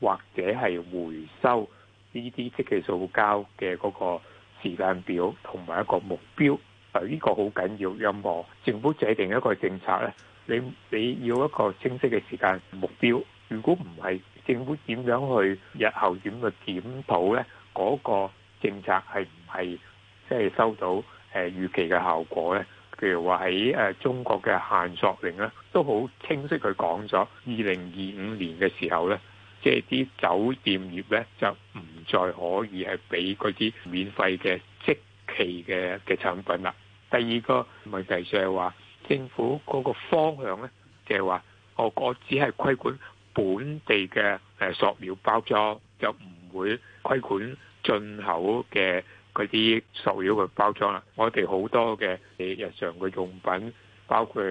或者係回收呢啲即棄塑膠嘅嗰個時間表同埋一個目標，啊呢個好緊要，因為政府制定一個政策咧，你你要一個清晰嘅時間目標。如果唔係，政府點樣去日後點去檢討咧？嗰個政策係唔係即係收到誒預期嘅效果咧？譬如話喺誒中國嘅限塑令咧，都好清晰佢講咗，二零二五年嘅時候咧。即係啲酒店業咧，就唔再可以係俾嗰啲免費嘅即期嘅嘅產品啦。第二個問題就係話，政府嗰個方向咧，就係話我我只係規管本地嘅誒塑料包裝，就唔會規管進口嘅嗰啲塑料嘅包裝啦。我哋好多嘅日常嘅用品，包括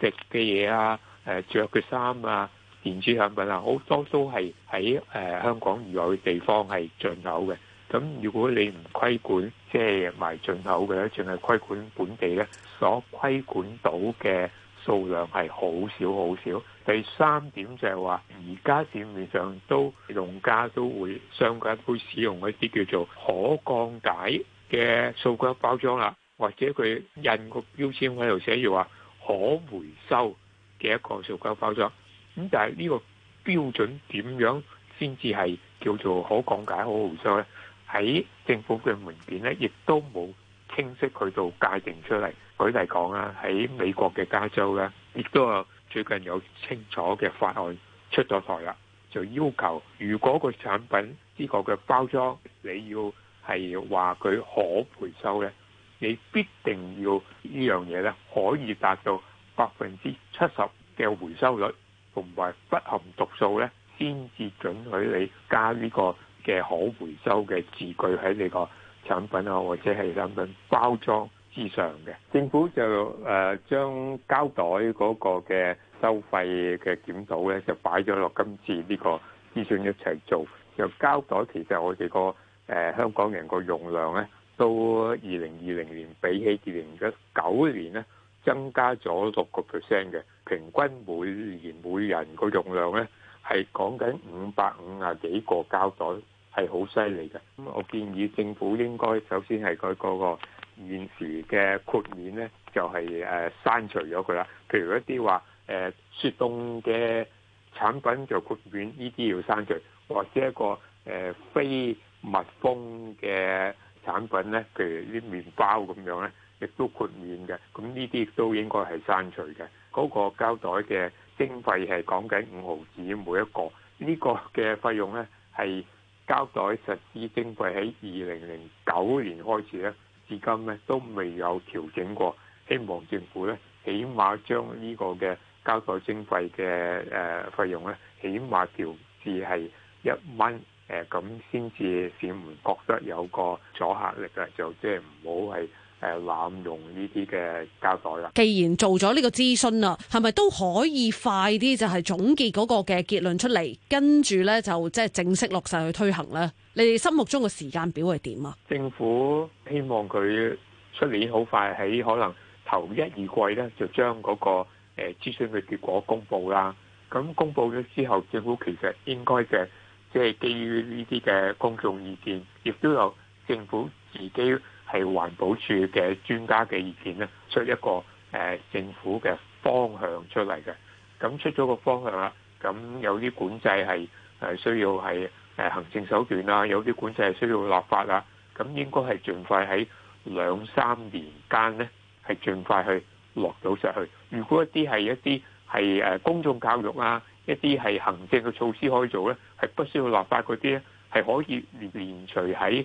食嘅嘢啊，誒著嘅衫啊，電子產品啊，好多都係喺誒香港以外嘅地方係進口嘅。咁如果你唔規管，即係賣進口嘅咧，淨係規管本地咧，所規管到嘅數量係好少好少。第三點就係話，而家市面上都用家都會相關會使用一啲叫做可降解嘅塑膠包裝啦，或者佢印個標籤喺度寫住話可回收嘅一個塑膠包裝。咁但係呢個標準點樣先至係叫做可降解、可回收咧？喺政府嘅文件咧，亦都冇清晰去到界定出嚟。舉例講啊，喺美國嘅加州咧，亦都有最近有清楚嘅法案出咗台啦，就要求如果個產品呢個嘅包裝你要係話佢可回收咧，你必定要呢樣嘢咧可以達到百分之七十嘅回收率。同埋不含毒素咧，先至准許你加呢個嘅可回收嘅字句喺你個產品啊，或者係產品包裝之上嘅。政府就誒將膠袋嗰個嘅收費嘅檢討咧，就擺咗落今次呢個諮詢一齊做。就膠袋其實我哋個誒香港人個用量咧，都二零二零年比起二零一九年咧。增加咗六個 percent 嘅平均每年每人個用量咧，係講緊五百五啊幾個膠袋，係好犀利嘅。咁我建議政府應該首先係佢嗰個現時嘅豁免咧，就係誒刪除咗佢啦。譬如一啲話誒雪凍嘅產品就豁免，呢啲要刪除，或者一個誒非密封嘅產品咧，譬如啲麵包咁樣咧。亦都豁免嘅，咁呢啲都應該係刪除嘅。嗰個膠袋嘅徵費係講緊五毫紙每一個，呢個嘅費用呢，係膠袋實施徵費喺二零零九年開始咧，至今呢，都未有調整過。希望政府呢，起碼將呢個嘅膠袋徵費嘅誒費用呢，起碼調至係一蚊，誒咁，先至市民覺得有個阻嚇力啊，就即係唔好係。誒、啊，濫用呢啲嘅膠袋啦。既然做咗呢個諮詢啦，係咪都可以快啲就係總結嗰個嘅結論出嚟，跟住咧就即係正式落實去推行咧？你哋心目中嘅時間表係點啊？政府希望佢出年好快喺可能頭一二季咧，就將嗰、那個誒、呃、諮詢嘅結果公佈啦。咁公佈咗之後，政府其實應該就係，即係基於呢啲嘅公眾意見，亦都有政府自己。係環保署嘅專家嘅意見咧，出一個誒、呃、政府嘅方向出嚟嘅。咁出咗個方向啦，咁有啲管制係係需要係誒行政手段啦，有啲管制係需要立法啊。咁應該係盡快喺兩三年間咧，係盡快去落到上去。如果一啲係一啲係誒公眾教育啊，一啲係行政嘅措施可以做咧，係不需要立法嗰啲咧，係可以連隨喺。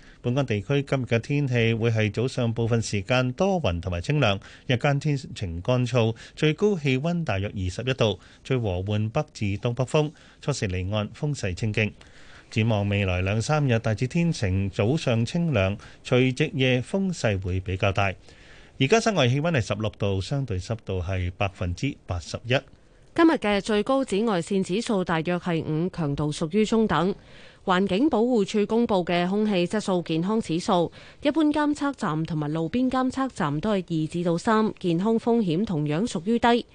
本港地區今日嘅天氣會係早上部分時間多雲同埋清涼，日間天晴乾燥，最高氣温大約二十一度，吹和緩北至東北風，初時離岸風勢清勁。展望未來兩三日大致天晴，早上清涼，除夕夜風勢會比較大。而家室外氣温係十六度，相對濕度係百分之八十一。今日嘅最高紫外線指數大約係五，強度屬於中等。環境保護署公布嘅空氣質素健康指數，一般監測站同埋路邊監測站都係二至到三，3, 健康風險同樣屬於低。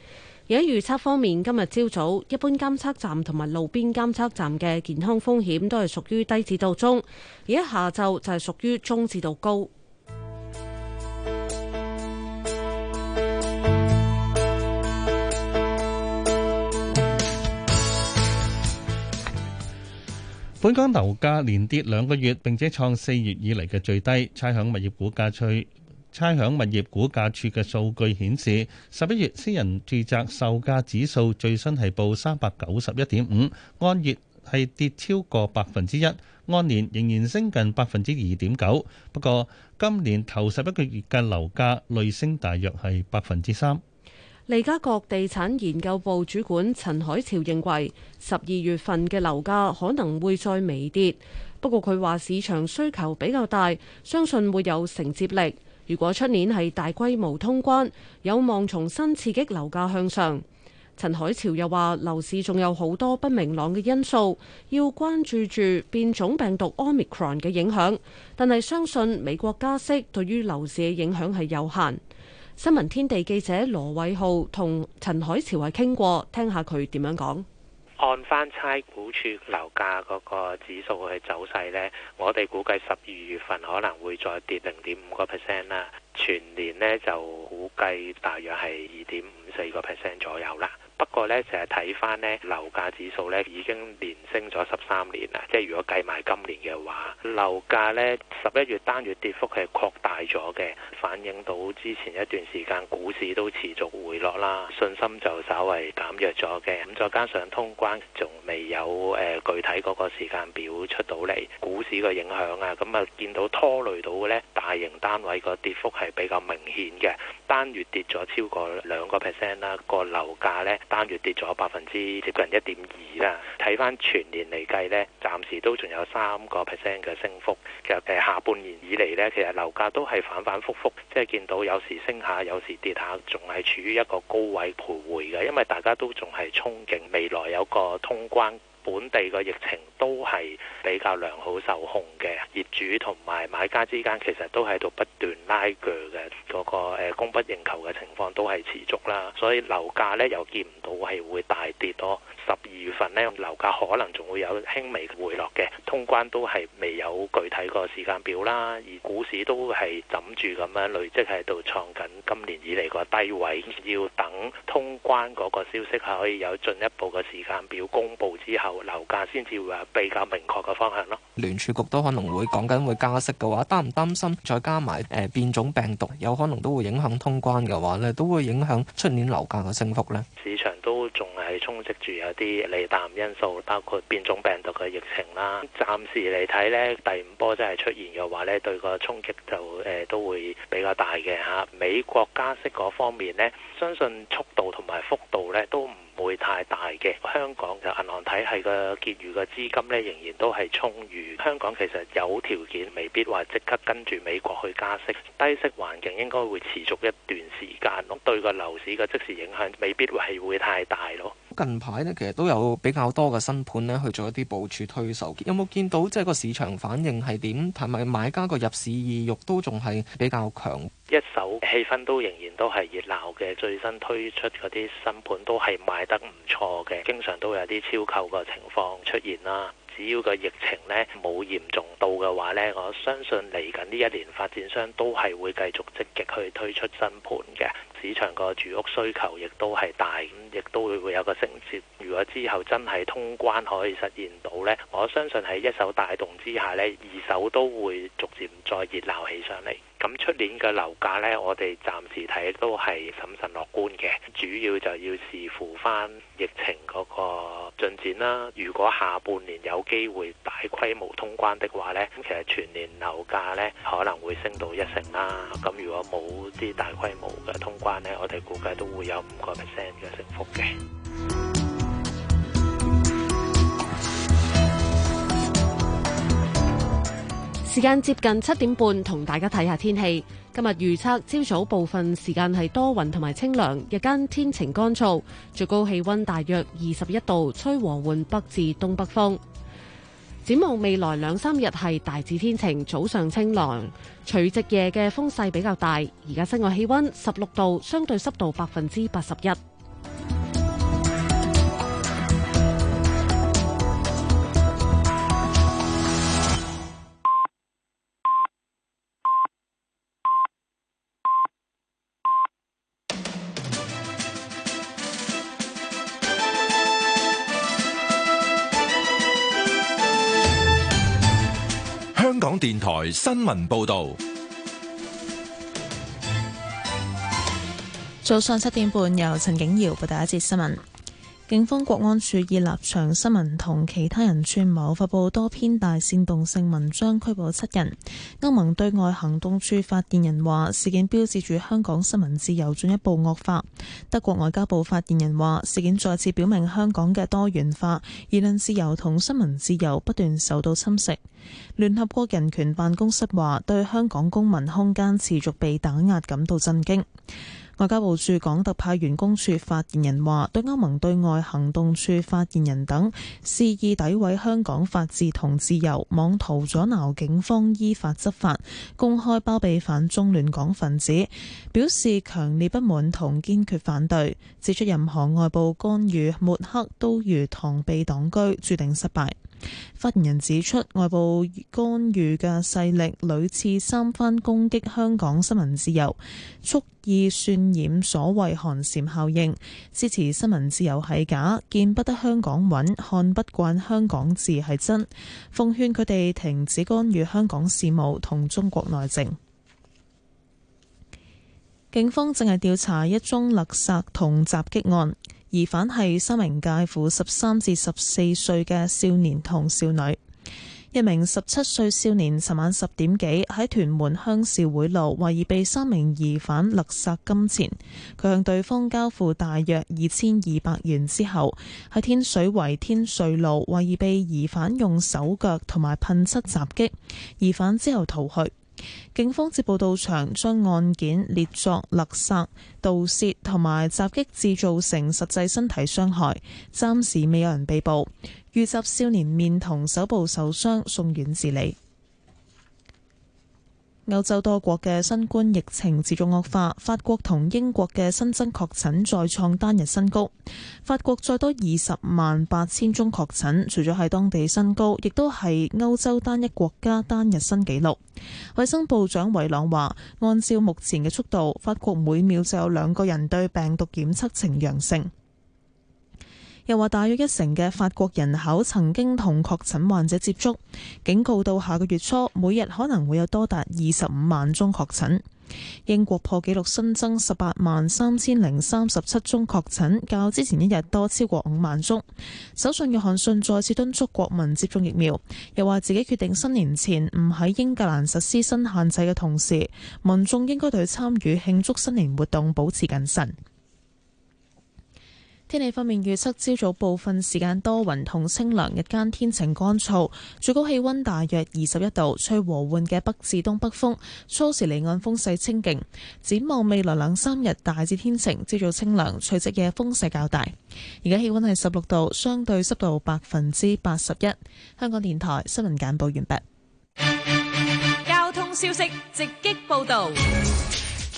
而喺預測方面，今日朝早一般監測站同埋路邊監測站嘅健康風險都係屬於低至到中，而喺下晝就係屬於中至到高。本港樓價連跌兩個月，並且創四月以嚟嘅最低。差餉物業估價署，差餉物業估價署嘅數據顯示，十一月私人住宅售價指數最新係報三百九十一點五，按月係跌超過百分之一，按年仍然升近百分之二點九。不過今年頭十一個月嘅樓價累升大約係百分之三。利嘉閣地產研究部主管陳海潮認為，十二月份嘅樓價可能會再微跌。不過佢話市場需求比較大，相信會有承接力。如果出年係大規模通關，有望重新刺激樓價向上。陳海潮又話樓市仲有好多不明朗嘅因素，要關注住變種病毒 Omicron 嘅影響。但係相信美國加息對於樓市嘅影響係有限。新聞天地記者羅偉浩同陳海潮係傾過，聽下佢點樣講。按翻差估處樓價嗰個指數嘅走勢呢，我哋估計十二月份可能會再跌零點五個 percent 啦，全年呢就估計大約係二點五四個 percent 左右啦。不過咧，就係睇翻咧樓價指數咧，已經連升咗十三年啦。即係如果計埋今年嘅話，樓價咧十一月單月跌幅係擴大咗嘅，反映到之前一段時間股市都持續回落啦，信心就稍微減弱咗嘅。咁再加上通關仲未有誒、呃、具體嗰個時間表出到嚟，股市嘅影響啊，咁啊見到拖累到咧大型單位個跌幅係比較明顯嘅，單月跌咗超過兩個 percent 啦，個樓價咧。單月跌咗百分之接近一點二啦，睇翻全年嚟計呢，暫時都仲有三個 percent 嘅升幅。其實下半年以嚟呢，其實樓價都係反反覆覆，即係見到有時升下，有時跌下，仲係處於一個高位徘徊嘅，因為大家都仲係憧憬未來有個通關。本地嘅疫情都係比較良好受控嘅，業主同埋買家之間其實都喺度不斷拉鋸嘅，嗰個誒供不應求嘅情況都係持續啦，所以樓價咧又見唔到係會大跌咯。十二月份呢，樓價可能仲會有輕微回落嘅。通關都係未有具體個時間表啦，而股市都係枕住咁樣累積喺度創緊今年以嚟個低位。要等通關嗰個消息可以有進一步嘅時間表公布之後，樓價先至會話比較明確嘅方向咯。聯儲局都可能會講緊會加息嘅話，擔唔擔心再加埋誒變種病毒有可能都會影響通關嘅話咧，都會影響出年樓價嘅升幅咧。市場都仲係充斥住有。啲利淡因素，包括變種病毒嘅疫情啦。暫時嚟睇咧，第五波真係出現嘅話咧，對個衝擊就誒、呃、都會比較大嘅吓。美國加息嗰方面咧，相信速度同埋幅度咧都唔會太大嘅。香港就銀行體系嘅結餘嘅資金咧，仍然都係充裕。香港其實有條件，未必話即刻跟住美國去加息。低息環境應該會持續一段時間咯，對個樓市嘅即時影響未必係會太大咯。近排呢，其實都有比較多嘅新盤呢去做一啲部署推售。有冇見到即係個市場反應係點？係咪買家個入市意欲都仲係比較強？一手氣氛都仍然都係熱鬧嘅。最新推出嗰啲新盤都係賣得唔錯嘅，經常都有啲超購嘅情況出現啦。只要個疫情呢冇嚴重到嘅話呢，我相信嚟緊呢一年發展商都係會繼續積極去推出新盤嘅。市場個住屋需求亦都係大，咁亦都會會有個承接。如果之後真係通關可以實現到呢，我相信喺一手帶動之下呢，二手都會逐漸再熱鬧起上嚟。咁出年嘅樓價呢，我哋暫時睇都係審慎樂觀嘅，主要就要視乎翻疫情嗰個進展啦。如果下半年有機會大規模通關的話呢，咁其實全年樓價呢可能會升到一成啦。咁如果冇啲大規模嘅通關呢，我哋估計都會有五個 percent 嘅升幅嘅。時間接近七點半，同大家睇下天氣。今日預測，朝早部分時間係多雲同埋清涼，日間天晴乾燥，最高氣溫大約二十一度，吹和緩北至東北風。展望未來兩三日係大致天晴，早上清涼，除夕夜嘅風勢比較大。而家室外氣溫十六度，相對濕度百分之八十一。港電台新聞報道，早上七點半，由陳景瑤報道一節新聞。警方國安處以立場新聞同其他人串謀，發佈多篇大煽動性文章，拘捕七人。歐盟對外行動處發言人話：事件標誌住香港新聞自由進一步惡化。德國外交部發言人話：事件再次表明香港嘅多元化、言論自由同新聞自由不斷受到侵蝕。聯合國人權辦公室話：對香港公民空間持續被打壓感到震驚。外交部駐港特派員工處發言人話：對歐盟對外行動處發言人等肆意詆毀香港法治同自由，妄圖阻撓警方依法執法，公開包庇反中亂港分子，表示強烈不滿同堅決反對，指出任何外部干預，抹黑都如螳臂擋車，注定失敗。發言人指出，外部干預嘅勢力屢次三番攻擊香港新聞自由，蓄意渲染所謂寒蟬效應。支持新聞自由係假，見不得香港穩，看不慣香港字係真。奉勸佢哋停止干預香港事務同中國內政。警方正係調查一宗勒殺同襲擊案。疑犯係三名介乎十三至十四歲嘅少年同少女，一名十七歲少年，尋晚十點幾喺屯門鄉事會路，懷疑被三名疑犯勒殺金錢。佢向對方交付大約二千二百元之後，喺天水圍天瑞路，懷疑被疑犯用手腳同埋噴漆襲擊，疑犯之後逃去。警方接報到場，將案件列作勒殺、盜竊同埋襲擊，致造成實際身體傷害。暫時未有人被捕，遇襲少年面同手部受傷，送院治理。歐洲多國嘅新冠疫情持續惡化，法國同英國嘅新增確診再創單日新高。法國再多二十萬八千宗確診，除咗係當地新高，亦都係歐洲單一國家單日新紀錄。衛生部長韋朗話，按照目前嘅速度，法國每秒就有兩個人對病毒檢測呈陽性。又話大約一成嘅法國人口曾經同確診患者接觸，警告到下個月初，每日可能會有多達二十五萬宗確診。英國破紀錄新增十八萬三千零三十七宗確診，較之前一日多超過五萬宗。首相約翰遜再次敦促國民接種疫苗，又話自己決定新年前唔喺英格蘭實施新限制嘅同時，民眾應該對參與慶祝新年活動保持謹慎。天氣方面預測，朝早，早部分時間多雲同清涼，日間天晴乾燥，最高氣溫大約二十一度，吹和緩嘅北至東北風，初時離岸風勢清勁。展望未來兩三日大致天晴，朝早，早清涼，隨即嘅風勢較大。而家氣溫係十六度，相對濕度百分之八十一。香港電台新聞簡報完畢。交通消息直擊報導，直擊報道。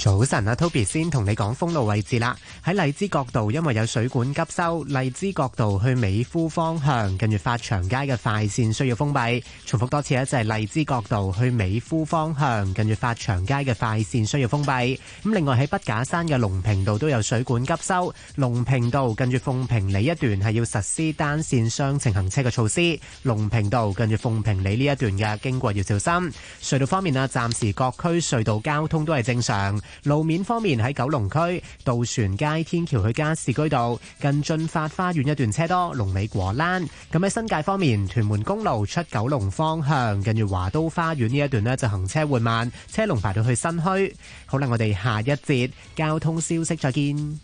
早晨啊，Toby 先同你講封路位置啦。喺荔枝角道，因為有水管急修，荔枝角道去美孚方向，近住發祥街嘅快綫需要封閉。重複多次啦，就係、是、荔枝角道去美孚方向，近住發祥街嘅快綫需要封閉。咁另外喺畢架山嘅龍坪道都有水管急修，龍坪道近住鳳坪里一段係要實施單綫雙程行車嘅措施。龍坪道近住鳳坪里呢一段嘅經過要小心。隧道方面啊，暫時各區隧道交通都係正常。路面方面喺九龍區渡船街天橋去加士居道近駿發花園一段車多，龍尾果欄。咁喺新界方面，屯門公路出九龍方向，近住華都花園呢一段呢，就行車緩慢，車龍排到去新墟。好啦，我哋下一節交通消息再見。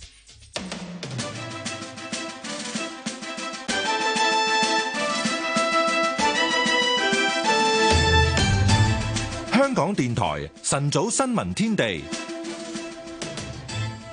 香港電台晨早新聞天地。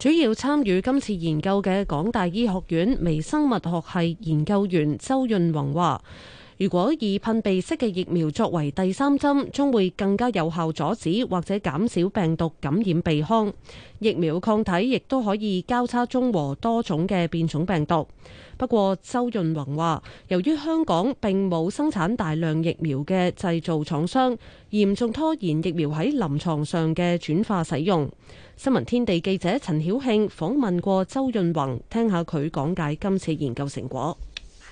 主要參與今次研究嘅港大醫學院微生物學系研究員周潤宏話，如果以噴鼻式嘅疫苗作為第三針，將會更加有效阻止或者減少病毒感染鼻腔。疫苗抗體亦都可以交叉中和多種嘅變種病毒。不過周潤宏話，由於香港並冇生產大量疫苗嘅製造廠商，嚴重拖延疫苗喺臨牀上嘅轉化使用。新聞天地記者陳曉慶訪問過周潤宏，聽下佢講解今次研究成果。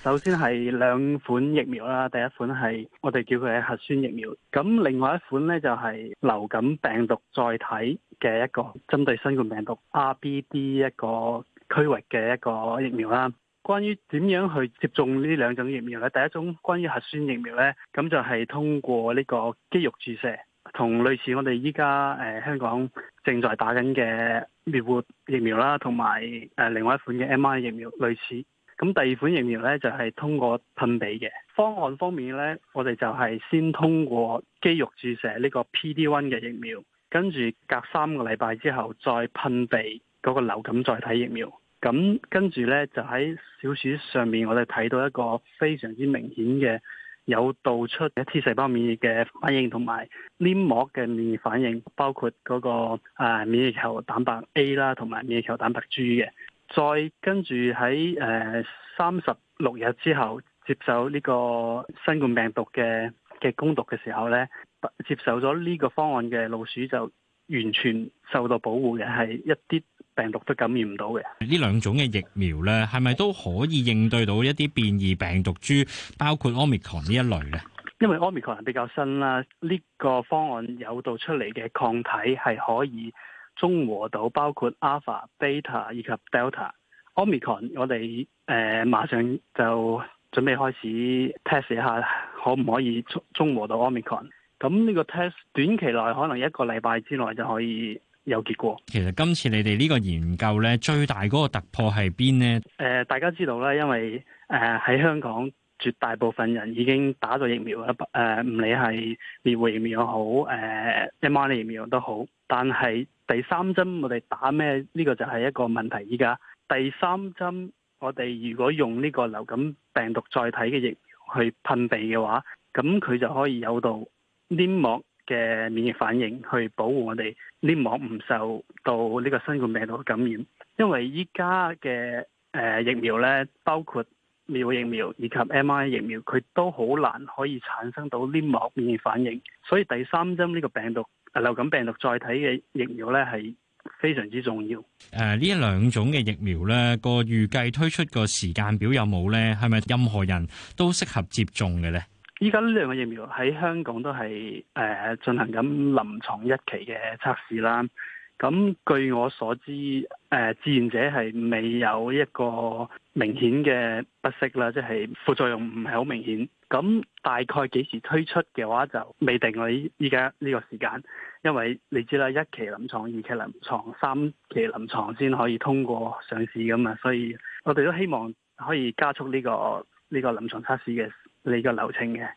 首先係兩款疫苗啦，第一款係我哋叫佢係核酸疫苗，咁另外一款呢，就係流感病毒載體嘅一個針對新冠病毒 RBD 一個區域嘅一個疫苗啦。關於點樣去接種呢兩種疫苗呢？第一種關於核酸疫苗呢，咁就係、是、通過呢個肌肉注射，同類似我哋依家誒香港正在打緊嘅滅活疫苗啦，同埋誒另外一款嘅 mRNA 疫苗類似。咁第二款疫苗咧就係通過噴鼻嘅方案方面咧，我哋就係先通過肌肉注射呢個 PD-1 嘅疫苗，跟住隔三個禮拜之後再噴鼻嗰個流感載體疫苗。咁跟住咧就喺小鼠上面，我哋睇到一個非常之明顯嘅有導出一 T 細胞免疫嘅反應，同埋黏膜嘅免疫反應，包括嗰個啊免疫球蛋白 A 啦，同埋免疫球蛋白 G 嘅。再跟住喺誒三十六日之後接受呢個新冠病毒嘅嘅攻毒嘅時候咧，接受咗呢個方案嘅老鼠就完全受到保護嘅，係一啲病毒都感染唔到嘅。呢兩種嘅疫苗咧，係咪都可以應對到一啲變異病毒株，包括 omicron 呢一類咧？因為 omicron 比較新啦，呢個方案誘導出嚟嘅抗體係可以。中和到包括 Alpha、Beta 以及 Delta、Omicron，我哋誒、呃、馬上就準備開始 test 下，可唔可以中和到 Omicron？咁呢個 test 短期內可能一個禮拜之內就可以有結果。其實今次你哋呢個研究咧，最大嗰個突破係邊咧？誒、呃、大家知道咧，因為誒喺、呃、香港絕大部分人已經打咗疫苗啦，誒、呃、唔理係滅活疫苗好，誒 mRNA 疫苗都好，但係。第三針我哋打咩？呢個就係一個問題。依家第三針我哋如果用呢個流感病毒載體嘅疫苗去噴鼻嘅話，咁佢就可以有到黏膜嘅免疫反應去保護我哋黏膜唔受到呢個新冠病毒嘅感染。因為依家嘅誒疫苗咧，包括妙疫苗以及 mRNA 疫苗，佢都好難可以產生到黏膜免疫反應，所以第三針呢個病毒。流感病毒載體嘅疫苗咧，係非常之重要。誒，呢一兩種嘅疫苗咧，個預計推出個時間表有冇咧？係咪任何人都適合接種嘅咧？依家呢兩個疫苗喺香港都係誒進行緊臨床一期嘅測試啦。咁據我所知，誒志願者係未有一個明顯嘅不適啦，即係副作用唔係好明顯。咁大概幾時推出嘅話就未定我依家呢個時間，因為你知啦，一期臨床、二期臨床、三期臨床先可以通過上市噶嘛，所以我哋都希望可以加速呢個呢個臨床測試嘅呢個流程嘅。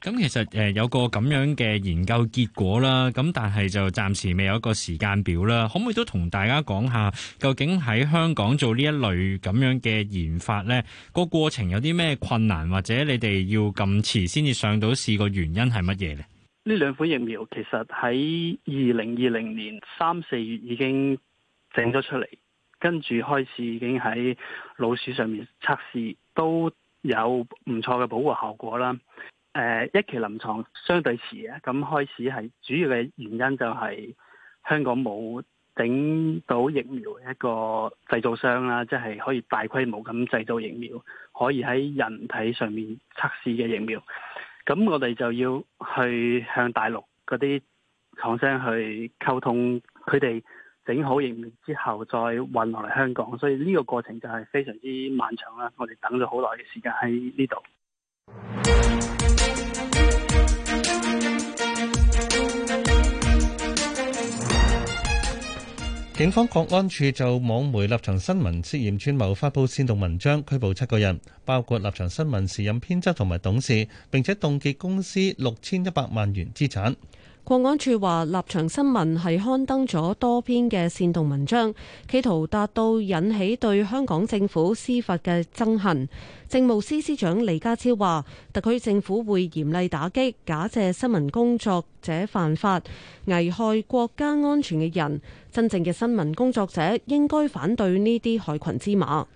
咁其實誒有個咁樣嘅研究結果啦，咁但係就暫時未有一個時間表啦。可唔可以都同大家講下，究竟喺香港做呢一類咁樣嘅研發呢？個過程有啲咩困難，或者你哋要咁遲先至上到試個原因係乜嘢呢？呢兩款疫苗其實喺二零二零年三四月已經整咗出嚟，跟住開始已經喺老鼠上面測試，都有唔錯嘅保護效果啦。誒，一期臨牀相對遲啊，咁開始係主要嘅原因就係香港冇整到疫苗一個製造商啦，即係可以大規模咁製造疫苗，可以喺人體上面測試嘅疫苗。咁我哋就要去向大陸嗰啲廠商去溝通，佢哋整好疫苗之後再運落嚟香港，所以呢個過程就係非常之漫長啦。我哋等咗好耐嘅時間喺呢度。警方國安處就網媒立場新聞涉嫌串謀發布煽動文章，拘捕七個人，包括立場新聞時任編輯同埋董事，並且凍結公司六千一百萬元資產。國安處話，立場新聞係刊登咗多篇嘅煽動文章，企圖達到引起對香港政府司法嘅憎恨。政務司司長李家超話，特區政府會嚴厲打擊假借新聞工作者犯法、危害國家安全嘅人。真正嘅新聞工作者應該反對呢啲害群之馬。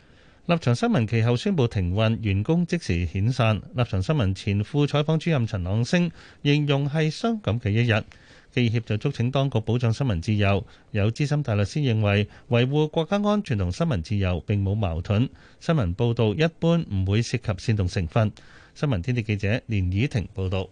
立場新聞其後宣布停運，員工即時遣散。立場新聞前副採訪主任陳朗升形容係傷感嘅一日。記協就促請當局保障新聞自由。有資深大律師認為維護國家安全同新聞自由並冇矛盾。新聞報導一般唔會涉及煽動成分。新聞天地記者連怡婷報導。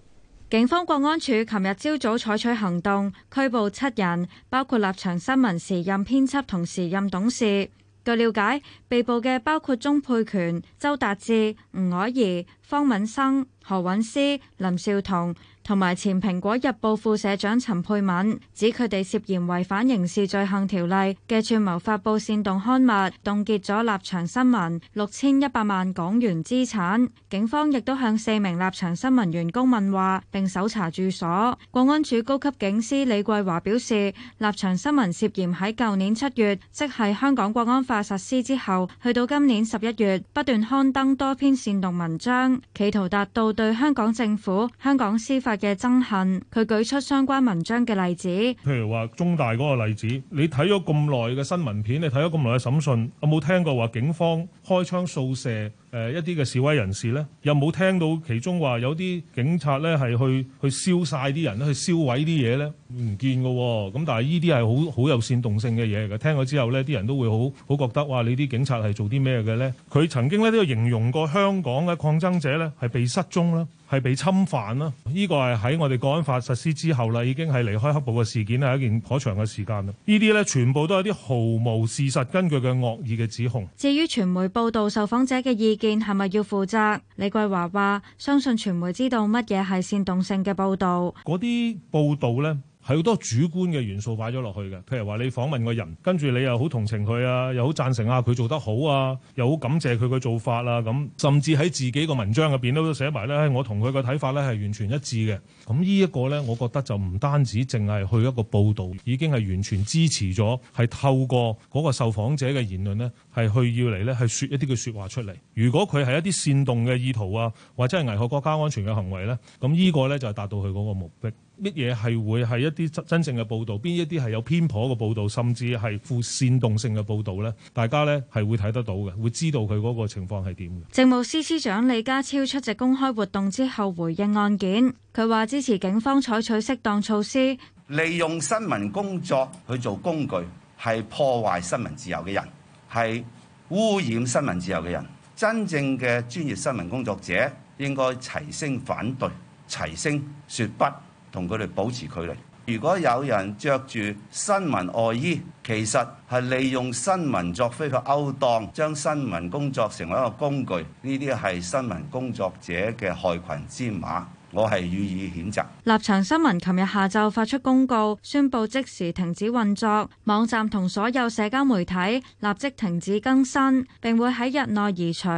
警方國安處琴日朝早採取行動，拘捕七人，包括立場新聞時任編輯同時任董事。據了解，被捕嘅包括鍾沛權、周達智、吳靄儀、方敏生、何韻詩、林紹桐，同埋前《蘋果日報》副社長陳佩敏指佢哋涉嫌違反刑事罪行條例嘅串謀發布煽動刊物，凍結咗立場新聞六千一百萬港元資產。警方亦都向四名立場新聞員工問話並搜查住所。國安處高級警司李桂華表示，立場新聞涉嫌喺舊年七月，即係香港國安法實施之後，去到今年十一月不斷刊登多篇煽動文章，企圖達到對香港政府、香港司法嘅憎恨，佢舉出相關文章嘅例子，譬如話中大嗰個例子，你睇咗咁耐嘅新聞片，你睇咗咁耐嘅審訊，有冇聽過話警方開槍掃射誒一啲嘅示威人士咧？有冇聽到其中話有啲警察咧係去去燒晒啲人，去燒毀啲嘢咧？唔見嘅喎、哦，咁但係呢啲係好好有煽動性嘅嘢嘅。聽咗之後呢啲人都會好好覺得哇！你啲警察係做啲咩嘅呢？」佢曾經咧都有形容過香港嘅抗爭者呢係被失蹤啦，係被侵犯啦。呢、這個係喺我哋《國安法》實施之後啦，已經係離開黑暴嘅事件係一件頗長嘅時間啦。呢啲呢，全部都係啲毫無事實根據嘅惡意嘅指控。至於傳媒報道受訪者嘅意見係咪要負責？李桂華話：相信傳媒知道乜嘢係煽動性嘅報導。嗰啲報道呢。係好多主觀嘅元素擺咗落去嘅，譬如話你訪問個人，跟住你又好同情佢啊，又好贊成啊佢做得好啊，又好感謝佢嘅做法啊。咁，甚至喺自己個文章入邊都寫埋咧、哎，我同佢嘅睇法咧係完全一致嘅。咁、嗯這個、呢一個咧，我覺得就唔單止淨係去一個報導，已經係完全支持咗，係透過嗰個受訪者嘅言論呢，係去要嚟呢，係説一啲嘅説話出嚟。如果佢係一啲煽動嘅意圖啊，或者係危害國家安全嘅行為咧，咁、嗯這個、呢個咧就係、是、達到佢嗰個目的。乜嘢係會係一啲真正嘅報導？邊一啲係有偏頗嘅報導，甚至係負煽動性嘅報導呢？大家呢係會睇得到嘅，會知道佢嗰個情況係點嘅。政務司司長李家超出席公開活動之後，回應案件，佢話支持警方採取適當措施。利用新聞工作去做工具，係破壞新聞自由嘅人，係污染新聞自由嘅人。真正嘅專業新聞工作者應該齊聲反對，齊聲說不。同佢哋保持距離。如果有人着住新聞外衣，其實係利用新聞作非法勾當，將新聞工作成為一個工具，呢啲係新聞工作者嘅害群之馬，我係予以譴責。立場新聞琴日下晝發出公告，宣布即時停止運作，網站同所有社交媒體立即停止更新，並會喺日內移除。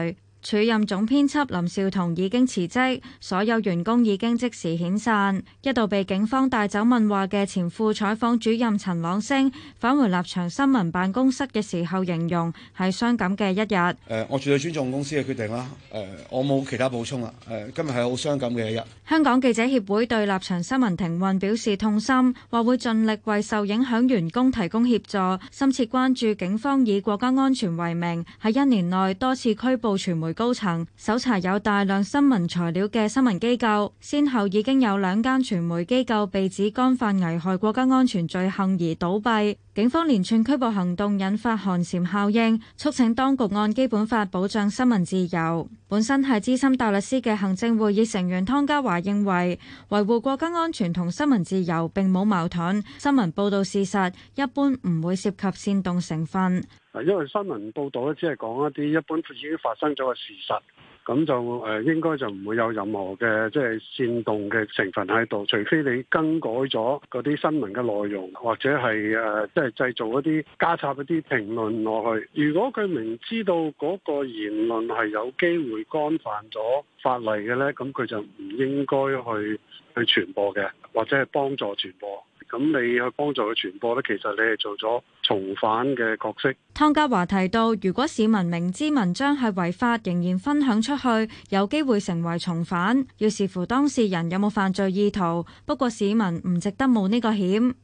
署任總編輯林少彤已經辭職，所有員工已經即時遣散。一度被警方帶走問話嘅前副採訪主任陳朗升，返回立場新聞辦公室嘅時候，形容係傷感嘅一日。誒，我絕對尊重公司嘅決定啦。誒，我冇其他補充啊。誒，今日係好傷感嘅一日。香港記者協會對立場新聞停運表示痛心，話會盡力為受影響員工提供協助，深切關注警方以國家安全為名喺一年內多次拘捕傳媒。高層搜查有大量新聞材料嘅新聞機構，先後已經有兩間傳媒機構被指干犯危害國家安全罪行而倒閉。警方連串拘捕行動引發寒蟬效應，促請當局按基本法保障新聞自由。本身係資深大律師嘅行政會議成員湯家驊認為，維護國家安全同新聞自由並冇矛盾，新聞報道事實一般唔會涉及煽動成分。因為新聞報道咧，只係講一啲一般已經發生咗嘅事實，咁就誒應該就唔會有任何嘅即係煽動嘅成分喺度，除非你更改咗嗰啲新聞嘅內容，或者係誒即係製造一啲加插一啲評論落去。如果佢明知道嗰個言論係有機會干犯咗法例嘅呢，咁佢就唔應該去去傳播嘅，或者係幫助傳播。咁你去幫助佢傳播咧，其實你係做咗從犯嘅角色。湯家驊提到，如果市民明知文章係違法，仍然分享出去，有機會成為從犯，要視乎當事人有冇犯罪意圖。不過，市民唔值得冒呢個險。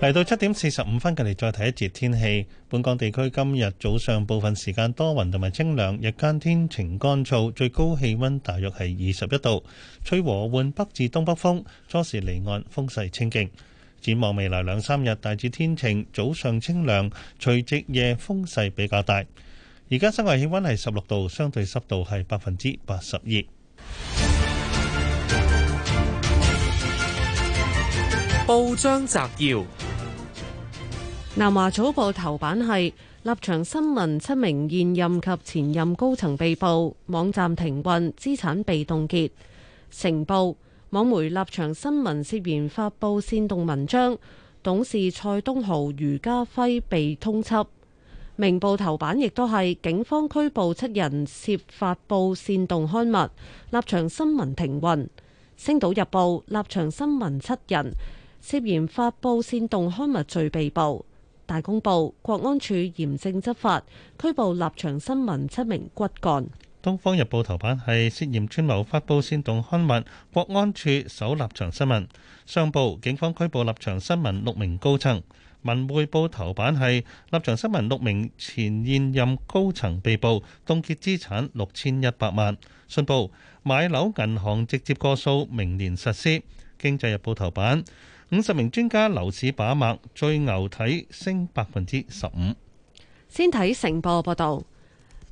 嚟到七點四十五分，近嚟再睇一節天氣。本港地區今日早上部分時間多雲同埋清涼，日間天晴乾燥，最高氣溫大約係二十一度，吹和緩北至東北風，初時離岸風勢清勁。展望未來兩三日大致天晴，早上清涼，隨即夜風勢比較大。而家室外氣溫係十六度，相對濕度係百分之八十二。報章摘要。南華早報頭版係立場新聞七名現任及前任高層被捕，網站停運，資產被凍結。成報網媒立場新聞涉嫌發布煽動文章，董事蔡東豪、余家輝被通緝。明報頭版亦都係警方拘捕七人，涉發布煽動刊物，立場新聞停運。星島日報立場新聞七人涉嫌發布煽動刊物罪被捕。大公報、國安處嚴正執法，拘捕立場新聞七名骨幹。《東方日報》頭版係涉嫌串謀發布煽動刊物，國安處搜立場新聞。商報警方拘捕立場新聞六名高層。《文匯報》頭版係立場新聞六名前現任高層被捕，凍結資產六千一百萬。信報買樓銀行直接過數，明年實施。《經濟日報》頭版。五十名專家樓市把脈，最牛睇升百分之十五。先睇成報報道，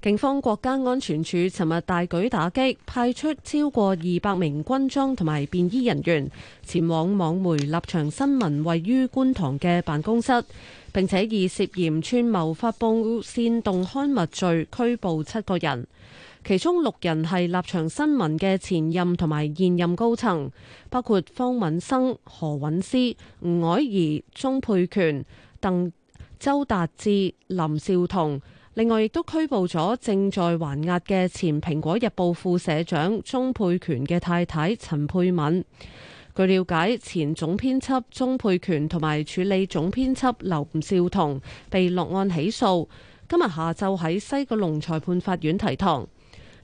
警方國家安全處尋日大舉打擊，派出超過二百名軍裝同埋便衣人員前往網媒立場新聞位於觀塘嘅辦公室，並且以涉嫌串謀發佈煽動刊物罪拘捕七個人。其中六人係立場新聞嘅前任同埋現任高層，包括方敏生、何韻詩、吳靄儀、鍾沛權、鄧周達智、林紹桐。另外，亦都拘捕咗正在還押嘅前蘋果日報副社長鍾沛權嘅太太陳沛敏。據了解，前總編輯鍾沛權同埋署理總編輯林紹桐被落案起訴，今日下晝喺西九龍裁判法院提堂。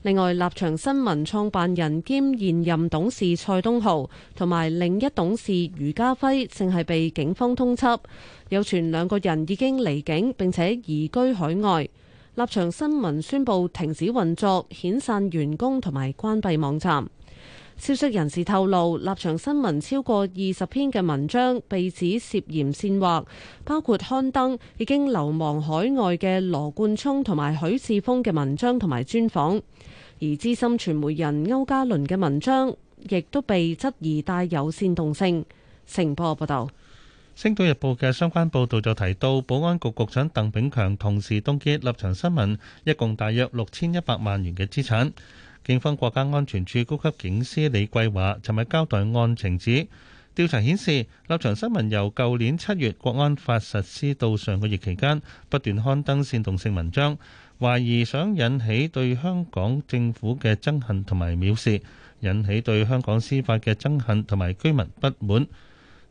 另外，立場新聞創辦人兼現任董事蔡東豪同埋另一董事余家輝正係被警方通緝，有傳兩個人已經離境並且移居海外。立場新聞宣布停止運作、遣散員工同埋關閉網站。消息人士透露，立場新聞超過二十篇嘅文章被指涉嫌煽惑，包括刊登已經流亡海外嘅羅冠聰同埋許智峰嘅文章同埋專訪。而資深傳媒人歐嘉倫嘅文章，亦都被質疑帶有煽動性。程波報道，《星島日報》嘅相關報道就提到，保安局局長鄧炳強同時凍結立場新聞一共大約六千一百萬元嘅資產。警方國家安全處高級警司李桂華尋日交代案情指，調查顯示立場新聞由舊年七月國安法實施到上個月期間，不斷刊登煽動性文章。懷疑想引起對香港政府嘅憎恨同埋藐視，引起對香港司法嘅憎恨同埋居民不滿。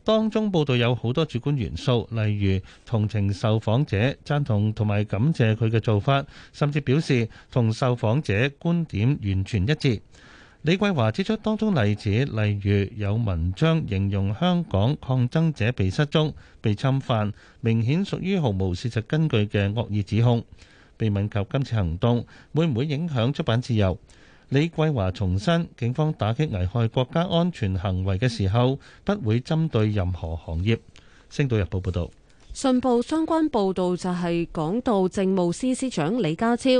當中報導有好多主觀元素，例如同情受訪者、贊同同埋感謝佢嘅做法，甚至表示同受訪者觀點完全一致。李桂華指出，當中例子，例如有文章形容香港抗爭者被失蹤、被侵犯，明顯屬於毫無事實根據嘅惡意指控。被問及今次行動會唔會影響出版自由，李桂華重申警方打擊危害國家安全行為嘅時候，不會針對任何行業。星島日報報道，信報相關報導就係講到政務司司長李家超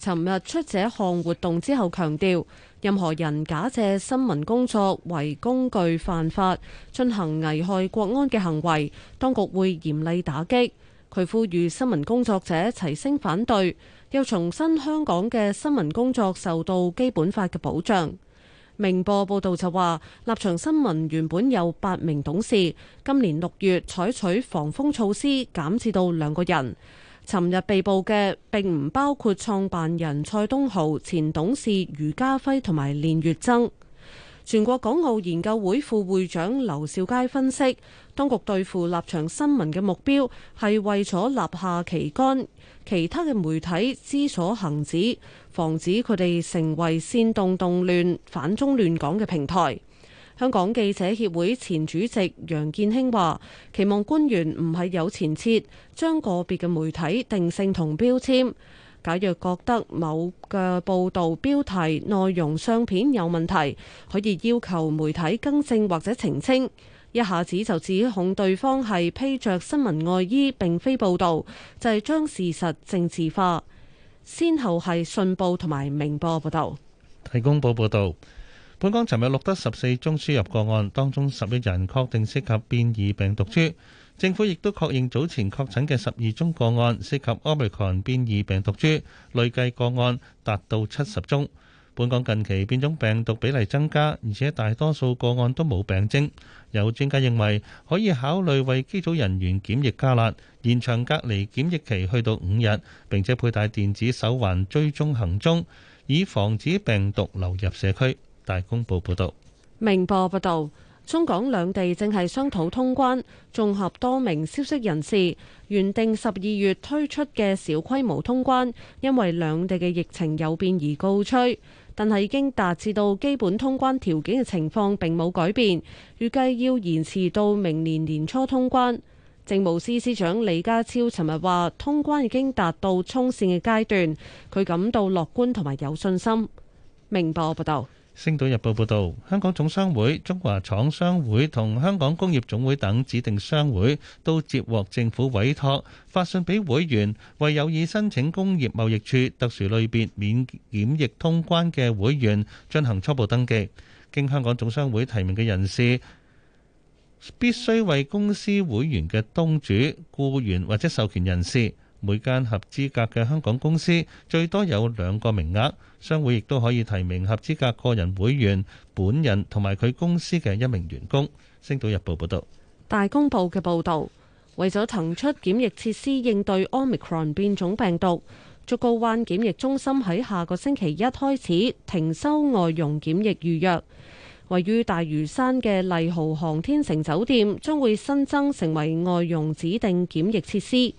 尋日出席這項活動之後強調，任何人假借新聞工作為工具犯法進行危害國安嘅行為，當局會嚴厲打擊。佢呼籲新聞工作者齊聲反對，又重申香港嘅新聞工作受到基本法嘅保障。明報報導就話，立場新聞原本有八名董事，今年六月採取防風措施，減至到兩個人。尋日被捕嘅並唔包括創辦人蔡東豪、前董事余家輝同埋練乙錚。全國港澳研究會副會長劉兆佳分析，當局對付立場新聞嘅目標係為咗立下旗杆，其他嘅媒體知所行止，防止佢哋成為煽動動亂、反中亂港嘅平台。香港記者協會前主席楊健興話：期望官員唔係有前設，將個別嘅媒體定性同標籤。假若覺得某嘅報道標題、內容、相片有問題，可以要求媒體更正或者澄清。一下子就指控對方係披着新聞外衣，並非報導，就係、是、將事實政治化。先後係信報同埋明報報道。大公報報道：本港尋日錄得十四宗輸入個案，當中十一人確定涉及變異病毒株。政府亦都確認早前確診嘅十二宗個案涉及 Omicron 變異病毒株，累計個案達到七十宗。本港近期變種病毒比例增加，而且大多數個案都冇病徵。有專家認為可以考慮為機組人員檢疫加辣，延長隔離檢疫期去到五日，並且佩戴電子手環追蹤行蹤，以防止病毒流入社區。大公報報導，明報報導。中港兩地正係商討通關，綜合多名消息人士，原定十二月推出嘅小規模通關，因為兩地嘅疫情有變而告吹。但係已經達至到基本通關條件嘅情況並冇改變，預計要延遲到明年年初通關。政務司司長李家超尋日話：通關已經達到沖線嘅階段，佢感到樂觀同埋有信心。明報報道。《星島日報》報道，香港總商會、中華廠商會同香港工業總會等指定商會都接獲政府委託，發信俾會員，為有意申請工業貿易署特殊類別免檢疫通關嘅會員進行初步登記。經香港總商會提名嘅人士，必須為公司會員嘅東主、僱員或者授權人士。每間合資格嘅香港公司最多有兩個名額，商會亦都可以提名合資格個人會員本人同埋佢公司嘅一名員工。星島日報報道，大公報嘅報導，為咗騰出檢疫設施應對 Omicron 變種病毒，竹篙灣檢疫中心喺下個星期一開始停收外傭檢疫預約。位於大嶼山嘅麗豪航天城酒店將會新增成為外傭指定檢疫設施。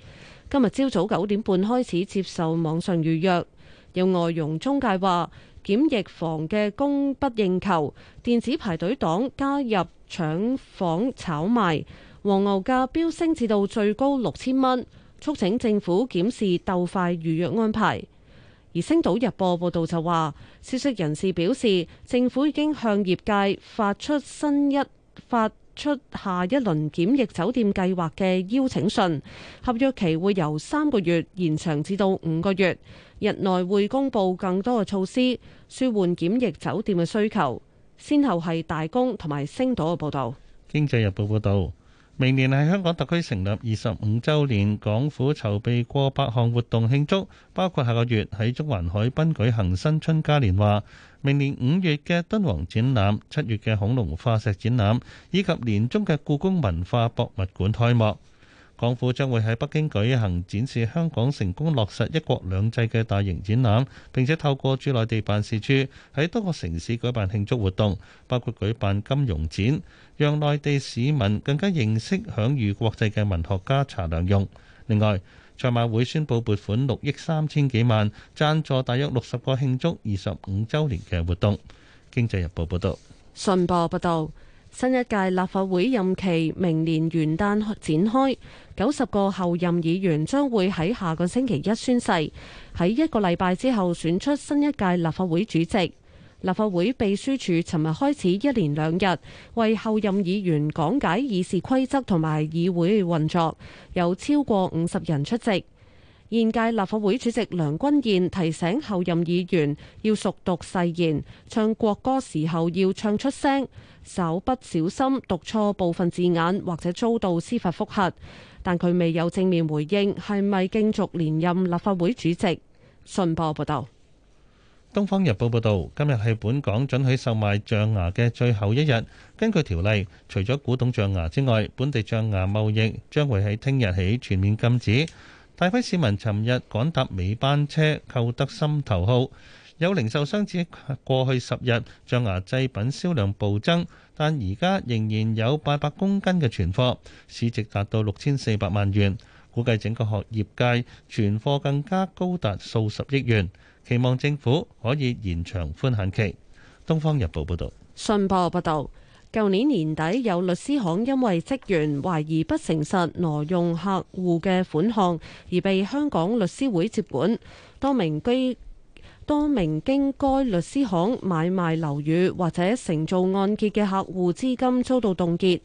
今日朝早九點半開始接受網上預約，有外傭中介話檢疫房嘅供不應求，電子排隊黨加入搶房炒賣，黃牛價飆升至到最高六千蚊，促請政府檢視鬥快預約安排。而星島日報報導就話，消息人士表示，政府已經向業界發出新一發。出下一輪檢疫酒店計劃嘅邀請信，合約期會由三個月延長至到五個月，日內會公布更多嘅措施舒緩檢疫酒店嘅需求。先後係大公同埋星島嘅報道。《經濟日報》報道，明年係香港特區成立二十五周年，港府籌備過百項活動慶祝，包括下個月喺中環海濱舉行新春嘉年華。明年五月嘅敦煌展覽、七月嘅恐龍化石展覽，以及年中嘅故宮文化博物館開幕，港府將會喺北京舉行展示香港成功落實一國兩制嘅大型展覽，並且透過駐內地辦事處喺多個城市舉辦慶祝活動，包括舉辦金庸展，讓內地市民更加認識享譽國際嘅文學家查良鏞。另外，賽馬會宣佈撥款六億三千幾萬，贊助大約六十個慶祝二十五週年嘅活動。經濟日報報道，信報報道，新一屆立法會任期明年元旦展開，九十個候任議員將會喺下個星期一宣誓，喺一個禮拜之後選出新一屆立法會主席。立法會秘書處尋日開始一連兩日為候任議員講解議事規則同埋議會運作，有超過五十人出席。現屆立法會主席梁君彥提醒候任議員要熟讀誓言，唱國歌時候要唱出聲，稍不小心讀錯部分字眼或者遭到司法覆核，但佢未有正面回應係咪競逐連任立法會主席。信報報道。《東方日報》報導，今日係本港准許售賣象牙嘅最後一日。根據條例，除咗古董象牙之外，本地象牙貿易將會喺聽日起全面禁止。大批市民尋日趕搭尾班車購得心頭好。有零售商指，過去十日象牙製品銷量暴增，但而家仍然有八百公斤嘅存貨，市值達到六千四百萬元。估計整個學業界存貨更加高達數十億元。期望政府可以延長寬限期。《東方日報》報道，信報報道，舊年年底有律師行因為職員懷疑不誠實挪用客戶嘅款項而被香港律師會接管，多名居多名經該律師行買賣樓宇或者承造按揭嘅客戶資金遭到凍結，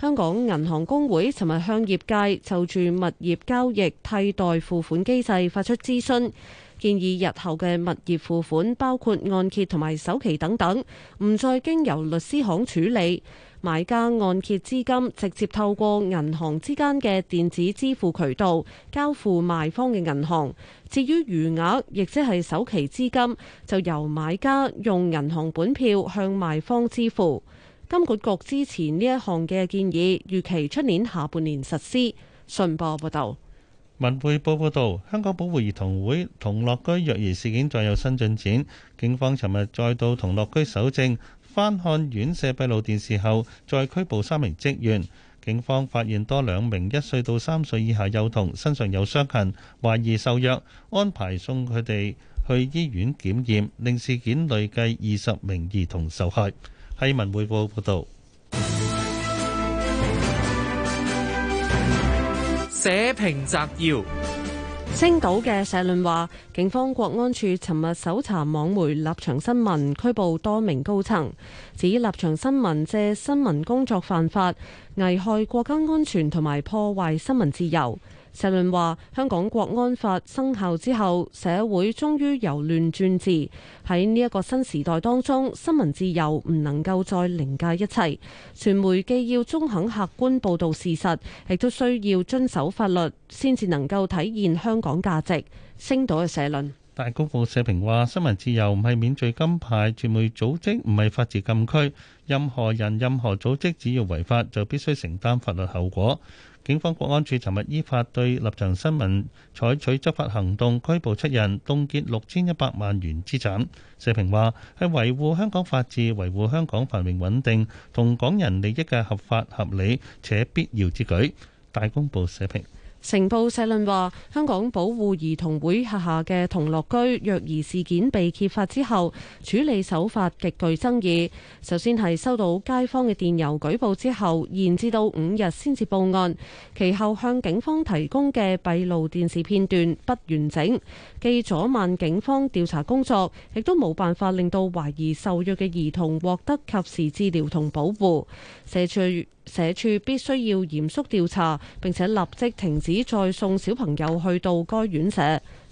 香港銀行公會尋日向業界就住物業交易替代付款機制發出諮詢。建議日後嘅物業付款，包括按揭同埋首期等等，唔再經由律師行處理，買家按揭資金直接透過銀行之間嘅電子支付渠道交付賣方嘅銀行。至於餘額，亦即係首期資金，就由買家用銀行本票向賣方支付。金管局支持呢一項嘅建議，預期出年下半年實施。信報報道。文匯報報道，香港保護兒童會同樂居虐兒事件再有新進展。警方尋日再到同樂居搜證，翻看院舍閉路電視後，再拘捕三名職員。警方發現多兩名一歲到三歲以下幼童身上有傷痕，懷疑受虐，安排送佢哋去醫院檢驗，令事件累計二十名兒童受害。係文匯報報道。寫平社評摘要：星島嘅社論話，警方國安處尋日搜查網媒立場新聞，拘捕多名高層，指立場新聞借新聞工作犯法，危害國家安全同埋破壞新聞自由。社論話：香港國安法生效之後，社會終於由亂轉治。喺呢一個新時代當中，新聞自由唔能夠再凌駕一切。傳媒既要中肯客觀報道事實，亦都需要遵守法律，先至能夠體現香港價值。星島嘅社論。大公報社評話：新聞自由唔係免罪金牌，傳媒組織唔係法治禁區，任何人、任何組織只要違法，就必須承擔法律後果。警方國安處尋日依法對立場新聞採取執法行動，拘捕七人，凍結六千一百萬元資產。社評話係維護香港法治、維護香港繁榮穩定同港人利益嘅合法、合理且必要之舉。大公報社評。成報社論話，香港保護兒童會轄下嘅童樂居虐兒事件被揭發之後，處理手法極具爭議。首先係收到街坊嘅電郵舉報之後，延至到五日先至報案，其後向警方提供嘅閉路電視片段不完整。既阻慢警方調查工作，亦都冇辦法令到懷疑受虐嘅兒童獲得及時治療同保護。社署社署必須要嚴肅調查，並且立即停止再送小朋友去到該院舍。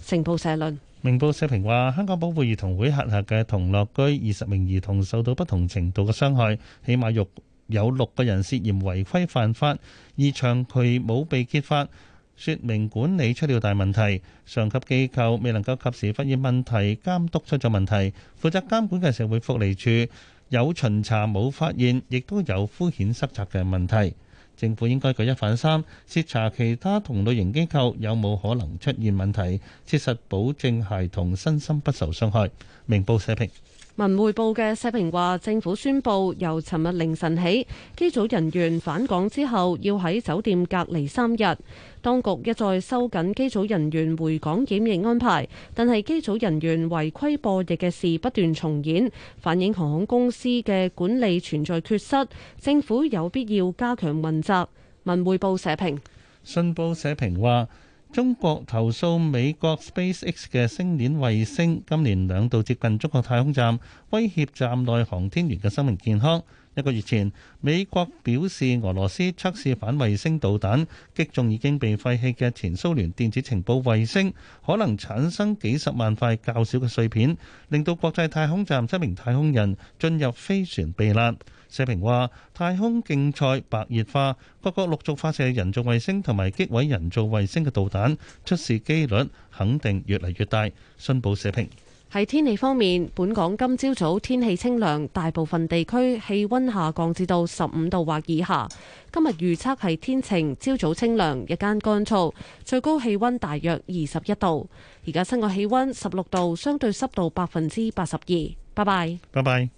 成報社論。明報社評話：香港保護兒童會轄下嘅童樂居二十名兒童受到不同程度嘅傷害，起碼有六個人涉嫌違規犯法，而長期冇被揭發。説明管理出了大問題，上級機構未能夠及時發現問題，監督出咗問題。負責監管嘅社會福利署有巡查冇發現，亦都有敷衍塞責嘅問題。政府應該舉一反三，徹查其他同類型機構有冇可能出現問題，切實保證孩童身心不受傷害。明報社評。文匯報嘅社評話，政府宣布由尋日凌晨起，機組人員返港之後要喺酒店隔離三日。當局一再收緊機組人員回港檢疫安排，但係機組人員違規破例嘅事不斷重演，反映航空公司嘅管理存在缺失。政府有必要加強問責。文匯報社評，信報社評話。中國投訴美國 SpaceX 嘅星鏈衛星，今年兩度接近中國太空站，威脅站內航天員嘅生命健康。一個月前，美國表示俄羅斯測試反衛星導彈，擊中已經被廢棄嘅前蘇聯電子情報衛星，可能產生幾十萬塊較小嘅碎片，令到國際太空站七名太空人進入飛船避難。社評話：太空競賽白熱化，各國陸續發射人造衛星同埋擊毀人造衛星嘅導彈，出事機率肯定越嚟越大。新報社評。喺天氣方面，本港今朝早，早天氣清涼，大部分地區氣溫下降至到十五度或以下。今日預測係天晴，朝早清涼，日間乾燥，最高氣溫大約二十一度。而家室外氣溫十六度，相對濕度百分之八十二。拜拜。拜拜。